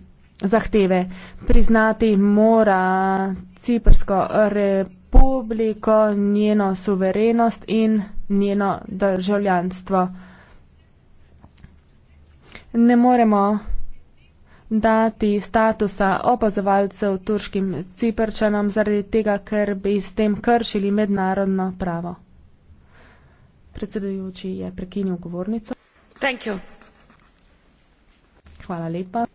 zahteve. Priznati mora Ciprsko republiko, njeno suverenost in njeno državljanstvo. Ne moremo dati statusa opazovalcev turškim ciprčanom zaradi tega, ker bi s tem kršili mednarodno pravo. Predsedujoči je prekinil govornico. Thank you. Hvala lepa.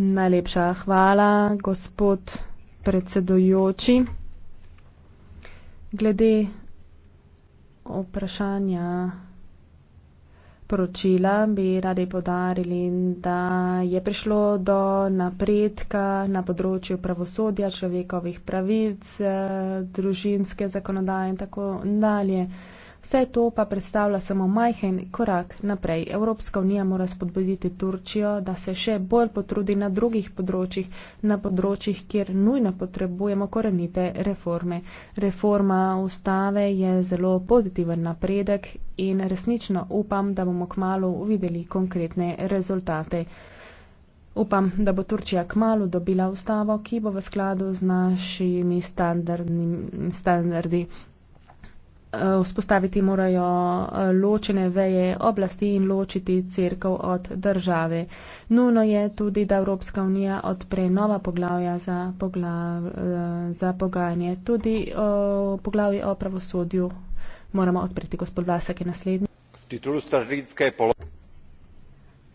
Najlepša hvala, gospod predsedujoči. Glede vprašanja poročila bi radi podarili, da je prišlo do napredka na področju pravosodja, človekovih pravic, družinske zakonodaje in tako dalje. Vse to pa predstavlja samo majhen korak naprej. Evropska unija mora spodbuditi Turčijo, da se še bolj potrudi na drugih področjih, na področjih, kjer nujno potrebujemo korenite reforme. Reforma ustave je zelo pozitiven napredek in resnično upam, da bomo kmalo videli konkretne rezultate. Upam, da bo Turčija kmalo dobila ustavo, ki bo v skladu z našimi standardi. Eh, vzpostaviti morajo eh, ločene veje oblasti in ločiti crkv od države. Nuno je tudi, da Evropska unija odpre nova poglavja za, pogla, eh, za pogajanje. Tudi o, poglavje o pravosodju moramo odpreti, gospod Vlasek je naslednji.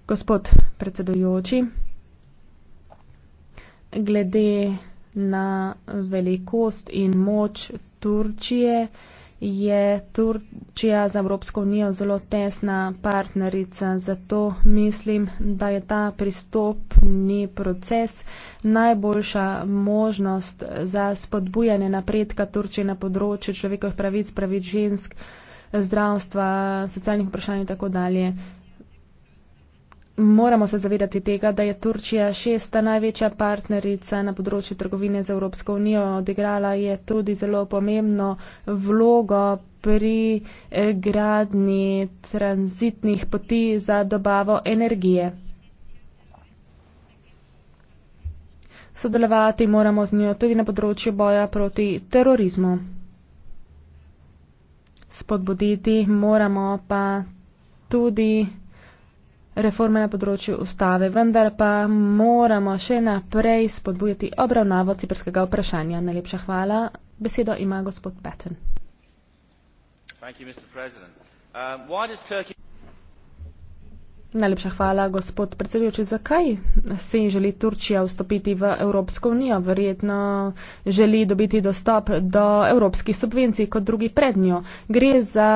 Gospod predsedujoči, glede na velikost in moč Turčije, je Turčija z Evropsko unijo zelo tesna partnerica. Zato mislim, da je ta pristopni proces najboljša možnost za spodbujanje napredka Turčije na področju človekovih pravic, pravic žensk, zdravstva, socialnih vprašanj in tako dalje moramo se zavedati tega, da je Turčija šesta največja partnerica na področju trgovine z Evropsko unijo. Odigrala je tudi zelo pomembno vlogo pri eh, gradni tranzitnih poti za dobavo energije. Sodelovati moramo z njo tudi na področju boja proti terorizmu. Spodbuditi moramo pa tudi reforme na področju ustave, vendar pa moramo še naprej spodbujati obravnavo ciprskega vprašanja. Najlepša hvala. Besedo ima gospod Patten.
Thank you, Mr. President. Um, why does Turkey...
Najlepša hvala, gospod predsedujoči. Zakaj se jim želi Turčija vstopiti v Evropsko unijo? Verjetno želi dobiti dostop do evropskih subvencij kot drugi pred njo. Gre za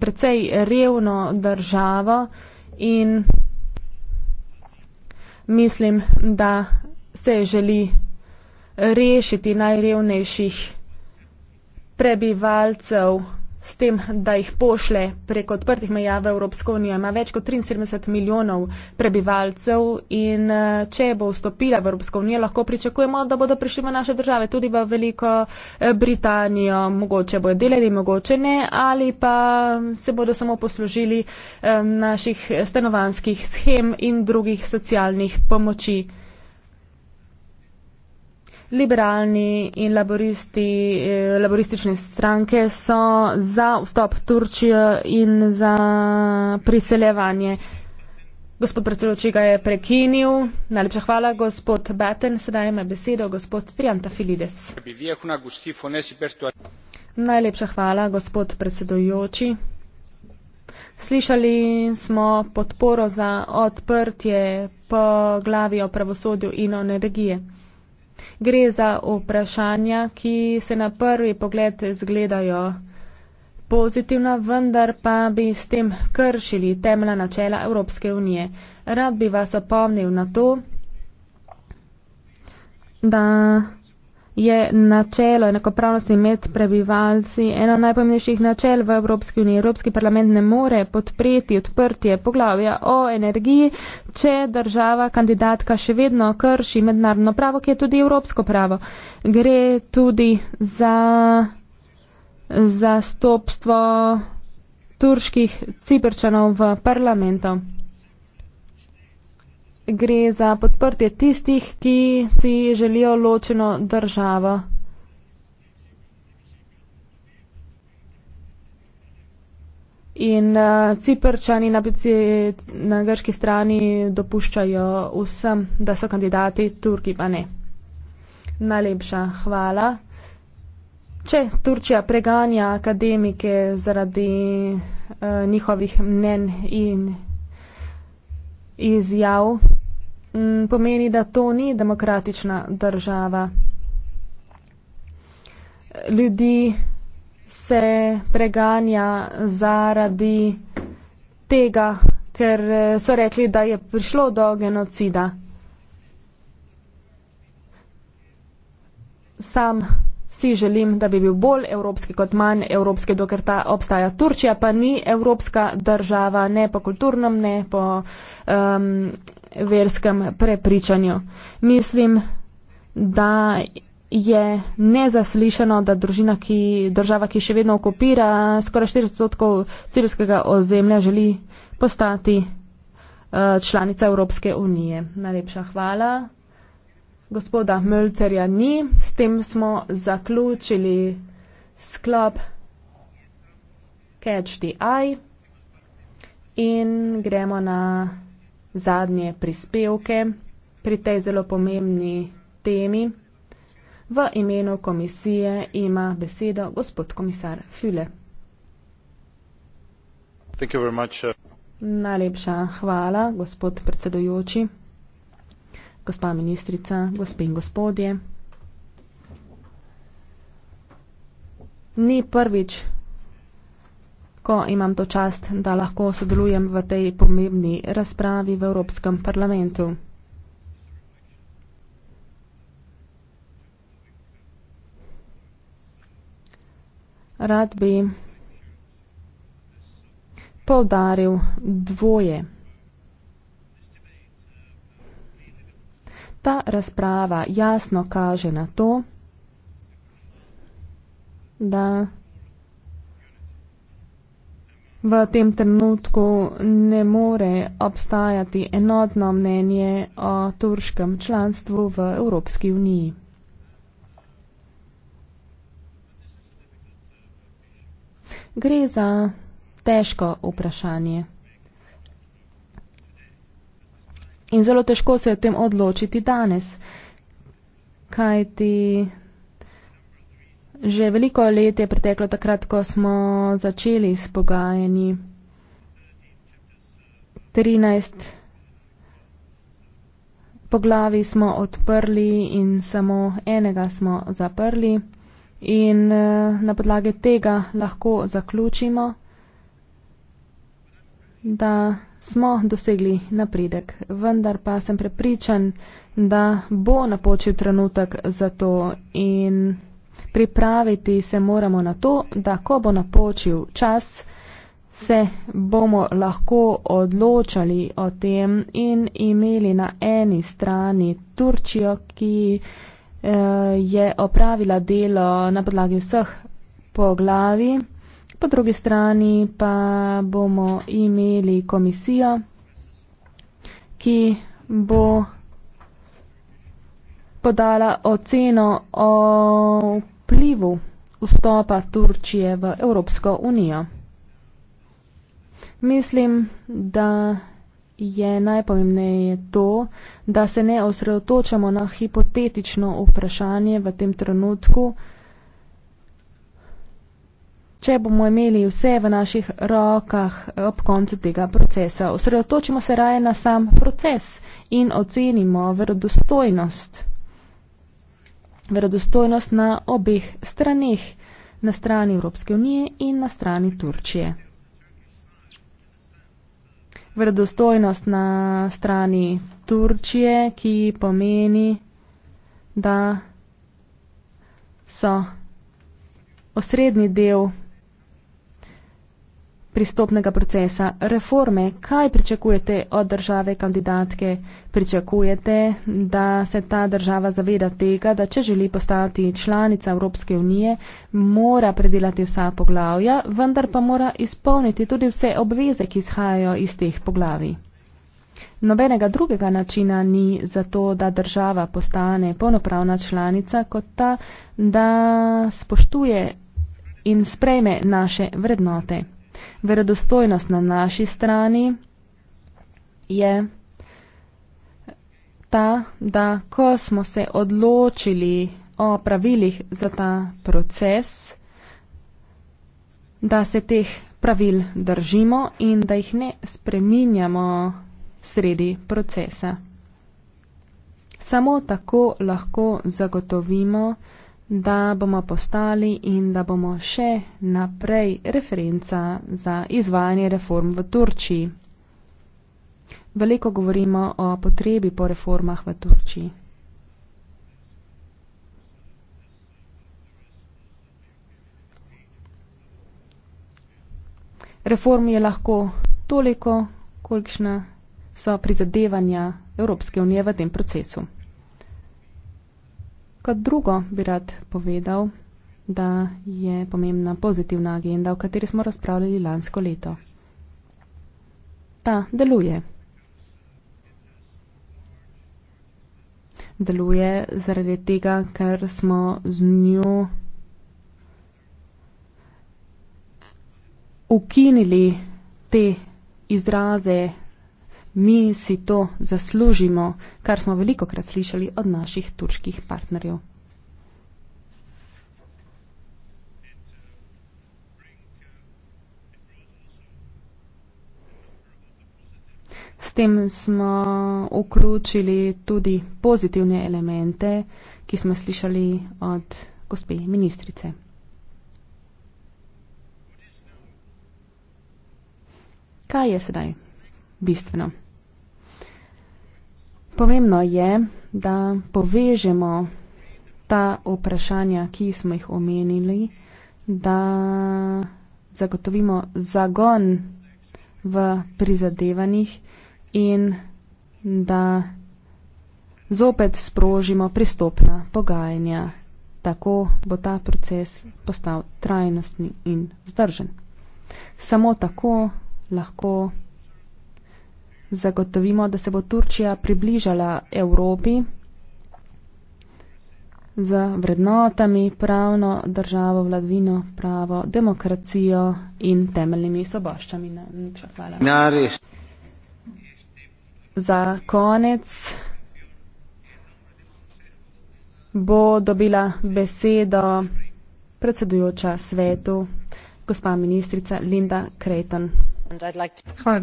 precej revno državo in mislim, da se želi rešiti najrevnejših prebivalcev s tem, da jih pošle preko odprtih meja v Evropsko unijo. Ima več kot 73 milijonov prebivalcev in eh, če bo vstopila v Evropsko unijo, lahko pričakujemo, da bodo prišli v naše države, tudi v Veliko eh, Britanijo. Mogoče bojo delali, mogoče ne, ali pa se bodo samo poslužili eh, naših stanovanskih schem in drugih socialnih pomoči liberalni in laboristi, eh, laboristične stranke so za vstop Turčije in za priseljevanje. Gospod predsedujoči ga je prekinil. Najlepša hvala, gospod Batten. Sedaj ima besedo gospod Trianta Filides. Najlepša hvala, gospod predsedujoči. Slišali smo podporo za odprtje po glavi o pravosodju in o energiji. Gre za vprašanja, ki se na prvi pogled zgledajo pozitivna, vendar pa bi s tem kršili temeljna načela Evropske unije. Rad bi vas opomnil na to, da je načelo enakopravnosti med prebivalci eno najpomembnejših načel v Evropski uniji. Evropski parlament ne more podpreti odprtje poglavja o energiji, če država kandidatka še vedno krši mednarodno pravo, ki je tudi evropsko pravo. Gre tudi za zastopstvo turških ciprčanov v parlamentu gre za podprtje tistih, ki si želijo ločeno državo. In uh, ciprčani na, bici, na grški strani dopuščajo vsem, da so kandidati, Turki pa ne. Najlepša hvala. Če Turčija preganja akademike zaradi uh, njihovih mnen in izjav, Mm, pomeni, da to ni demokratična država. Ljudi se preganja zaradi tega, ker eh, so rekli, da je prišlo do genocida. Sam si želim, da bi bil bolj evropski kot manj evropski, dokler ta obstaja. Turčija pa ni evropska država, ne po kulturnem, ne po um, verskem prepričanju. Mislim, da je nezaslišano, da družina, ki, država, ki še vedno okupira skoraj 40% civilskega ozemlja, želi postati eh, članica Evropske unije. Najlepša hvala. Gospoda Mölcerja ni. S tem smo zaključili sklop Catch the Eye in gremo na zadnje prispevke pri tej zelo pomembni temi. V imenu komisije ima besedo gospod komisar Füle.
Uh,
Najlepša hvala, gospod predsedujoči, gospa ministrica, gospe in gospodje. Ni prvič kratko imam to čast, da lahko sodelujem v tej pomembni razpravi v Evropskem parlamentu. Rad bi poudaril dvoje. Ta razprava jasno kaže na to, da V tem trenutku ne more obstajati enotno mnenje o turškem članstvu v Evropski uniji. Gre za težko vprašanje. In zelo težko se je o tem odločiti danes, kajti Že veliko let je preteklo takrat, ko smo začeli s pogajanji. 13 poglavi smo odprli in samo enega smo zaprli. In eh, na podlage tega lahko zaključimo, da smo dosegli napredek. Vendar pa sem prepričan, da bo napočil trenutek za to pripraviti se moramo na to, da ko bo napočil čas, se bomo lahko odločali o tem in imeli na eni strani Turčijo, ki eh, je opravila delo na podlagi vseh poglavi, po drugi strani pa bomo imeli komisijo, ki bo podala oceno o vplivu vstopa Turčije v Evropsko unijo. Mislim, da je najpomembneje to, da se ne osredotočamo na hipotetično vprašanje v tem trenutku, če bomo imeli vse v naših rokah ob koncu tega procesa. Osredotočimo se raje na sam proces in ocenimo verodostojnost verodostojnost na obeh straneh, na strani Evropske unije in na strani Turčije. Verodostojnost na strani Turčije, ki pomeni, da so osrednji del pristopnega procesa, reforme, kaj pričakujete od države kandidatke? Pričakujete, da se ta država zaveda tega, da če želi postati članica Evropske unije, mora predelati vsa poglavja, vendar pa mora izpolniti tudi vse obveze, ki izhajajo iz teh poglavij. Nobenega drugega načina ni za to, da država postane polnopravna članica, kot ta, da spoštuje in sprejme naše vrednote verodostojnost na naši strani je ta, da ko smo se odločili o pravilih za ta proces, da se teh pravil držimo in da jih ne spreminjamo sredi procesa. Samo tako lahko zagotovimo, da bomo postali in da bomo še naprej referenca za izvajanje reform v Turčiji. Veliko govorimo o potrebi po reformah v Turčiji. Reform je lahko toliko, kolikšna so prizadevanja Evropske unije v tem procesu kot drugo bi rad povedal, da je pomembna pozitivna agenda, o kateri smo razpravljali lansko leto. Ta deluje. Deluje zaradi tega, ker smo z njo ukinili te izraze mi si to zaslužimo, kar smo veliko krat slišali od naših turških partnerjev. S tem smo vključili tudi pozitivne elemente, ki smo slišali od gospe ministrice. Kaj je sedaj bistveno? Pomembno je, da povežemo ta vprašanja, ki smo jih omenili, da zagotovimo zagon v prizadevanjih in da zopet sprožimo pristopna pogajanja. Tako bo ta proces postal trajnostni in vzdržen. Samo tako lahko zagotovimo, da se bo Turčija približala Evropi z vrednotami, pravno državo, vladvino, pravo, demokracijo in temeljnimi soboščami. Za konec bo dobila besedo predsedujoča svetu, gospa ministrica Linda Creighton. Hvala,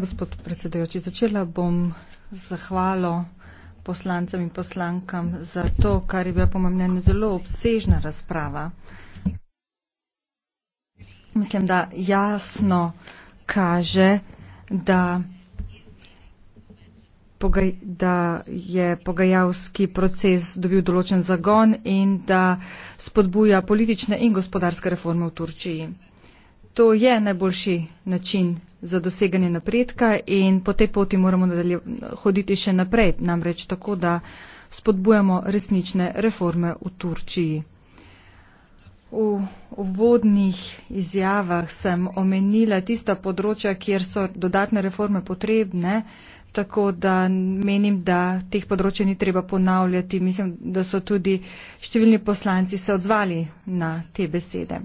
gospod predsedujoči.
Začela bom zahvalo poslancem in poslankam za to, kar je bila po mojem mnenju zelo obsežna razprava. Mislim, da jasno kaže, da, pogaj, da je pogajalski proces dobil določen zagon in da spodbuja politične in gospodarske reforme v Turčiji to je najboljši način za doseganje napredka in po tej poti moramo hoditi še naprej, namreč tako, da spodbujamo resnične reforme v Turčiji. V uvodnih izjavah sem omenila tista področja, kjer so dodatne reforme potrebne, tako da menim, da teh področja ni treba ponavljati. Mislim, da so tudi številni poslanci se odzvali na te besede.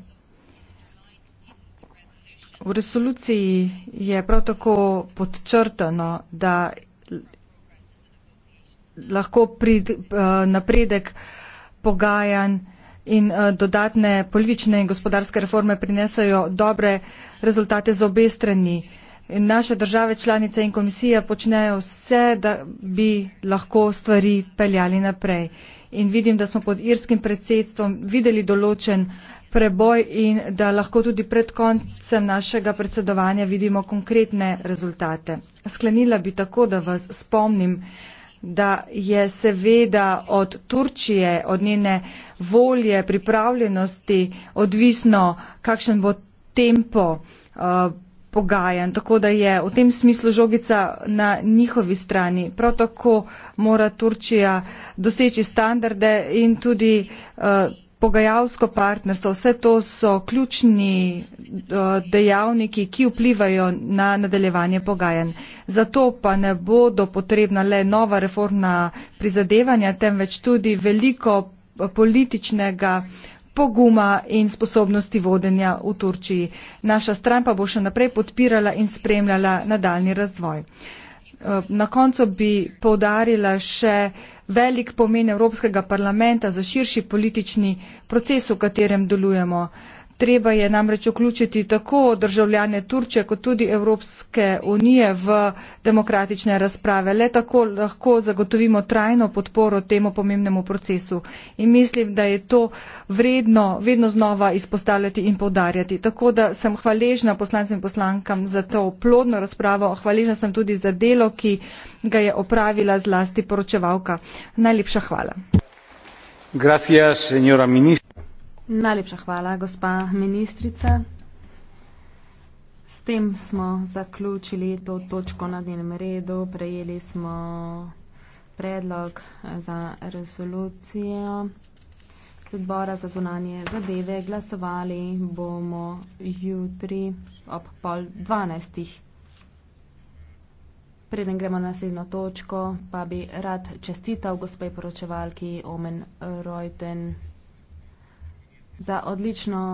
V resoluciji je prav tako podčrtano, da lahko prid, eh, napredek pogajanj in eh, dodatne politične in gospodarske reforme prinesajo dobre rezultate za obe strani. In naše države članice in komisija počnejo vse, da bi lahko stvari peljali naprej in vidim, da smo pod irskim predsedstvom videli določen preboj in da lahko tudi pred koncem našega predsedovanja vidimo konkretne rezultate. Sklenila bi tako, da vas spomnim, da je seveda od Turčije, od njene volje, pripravljenosti odvisno, kakšen bo tempo. Uh, pogajanj, tako da je v tem smislu žogica na njihovi strani. Prav tako mora Turčija doseči standarde in tudi eh, pogajalsko partnerstvo. Vse to so ključni eh, dejavniki, ki vplivajo na nadaljevanje pogajanj. Zato pa ne bodo potrebna le nova reformna prizadevanja, temveč tudi veliko eh, političnega poguma in sposobnosti vodenja v Turčiji. Naša stran pa bo še naprej podpirala in spremljala nadaljni razvoj. Eh, na koncu bi povdarila še velik pomen Evropskega parlamenta za širši politični proces, v katerem delujemo. Treba je namreč vključiti tako državljane Turčije kot tudi Evropske unije v demokratične razprave. Le tako lahko zagotovimo trajno podporo temu pomembnemu procesu. In mislim, da je to vredno vedno znova izpostavljati in povdarjati. Tako da sem hvaležna poslancem in poslankam za to plodno razpravo, hvaležna sem tudi za delo, ki ga je opravila zlasti poročevalka. Najlepša hvala.
Gracias,
Najlepša hvala, gospa ministrica. S tem smo zaključili to točko na dnevnem redu. Prejeli smo predlog za resolucijo z odbora za zunanje zadeve. Glasovali bomo jutri ob pol dvanajstih. Preden gremo na naslednjo točko, pa bi rad čestital gospe poročevalki Omen Reuten za odlično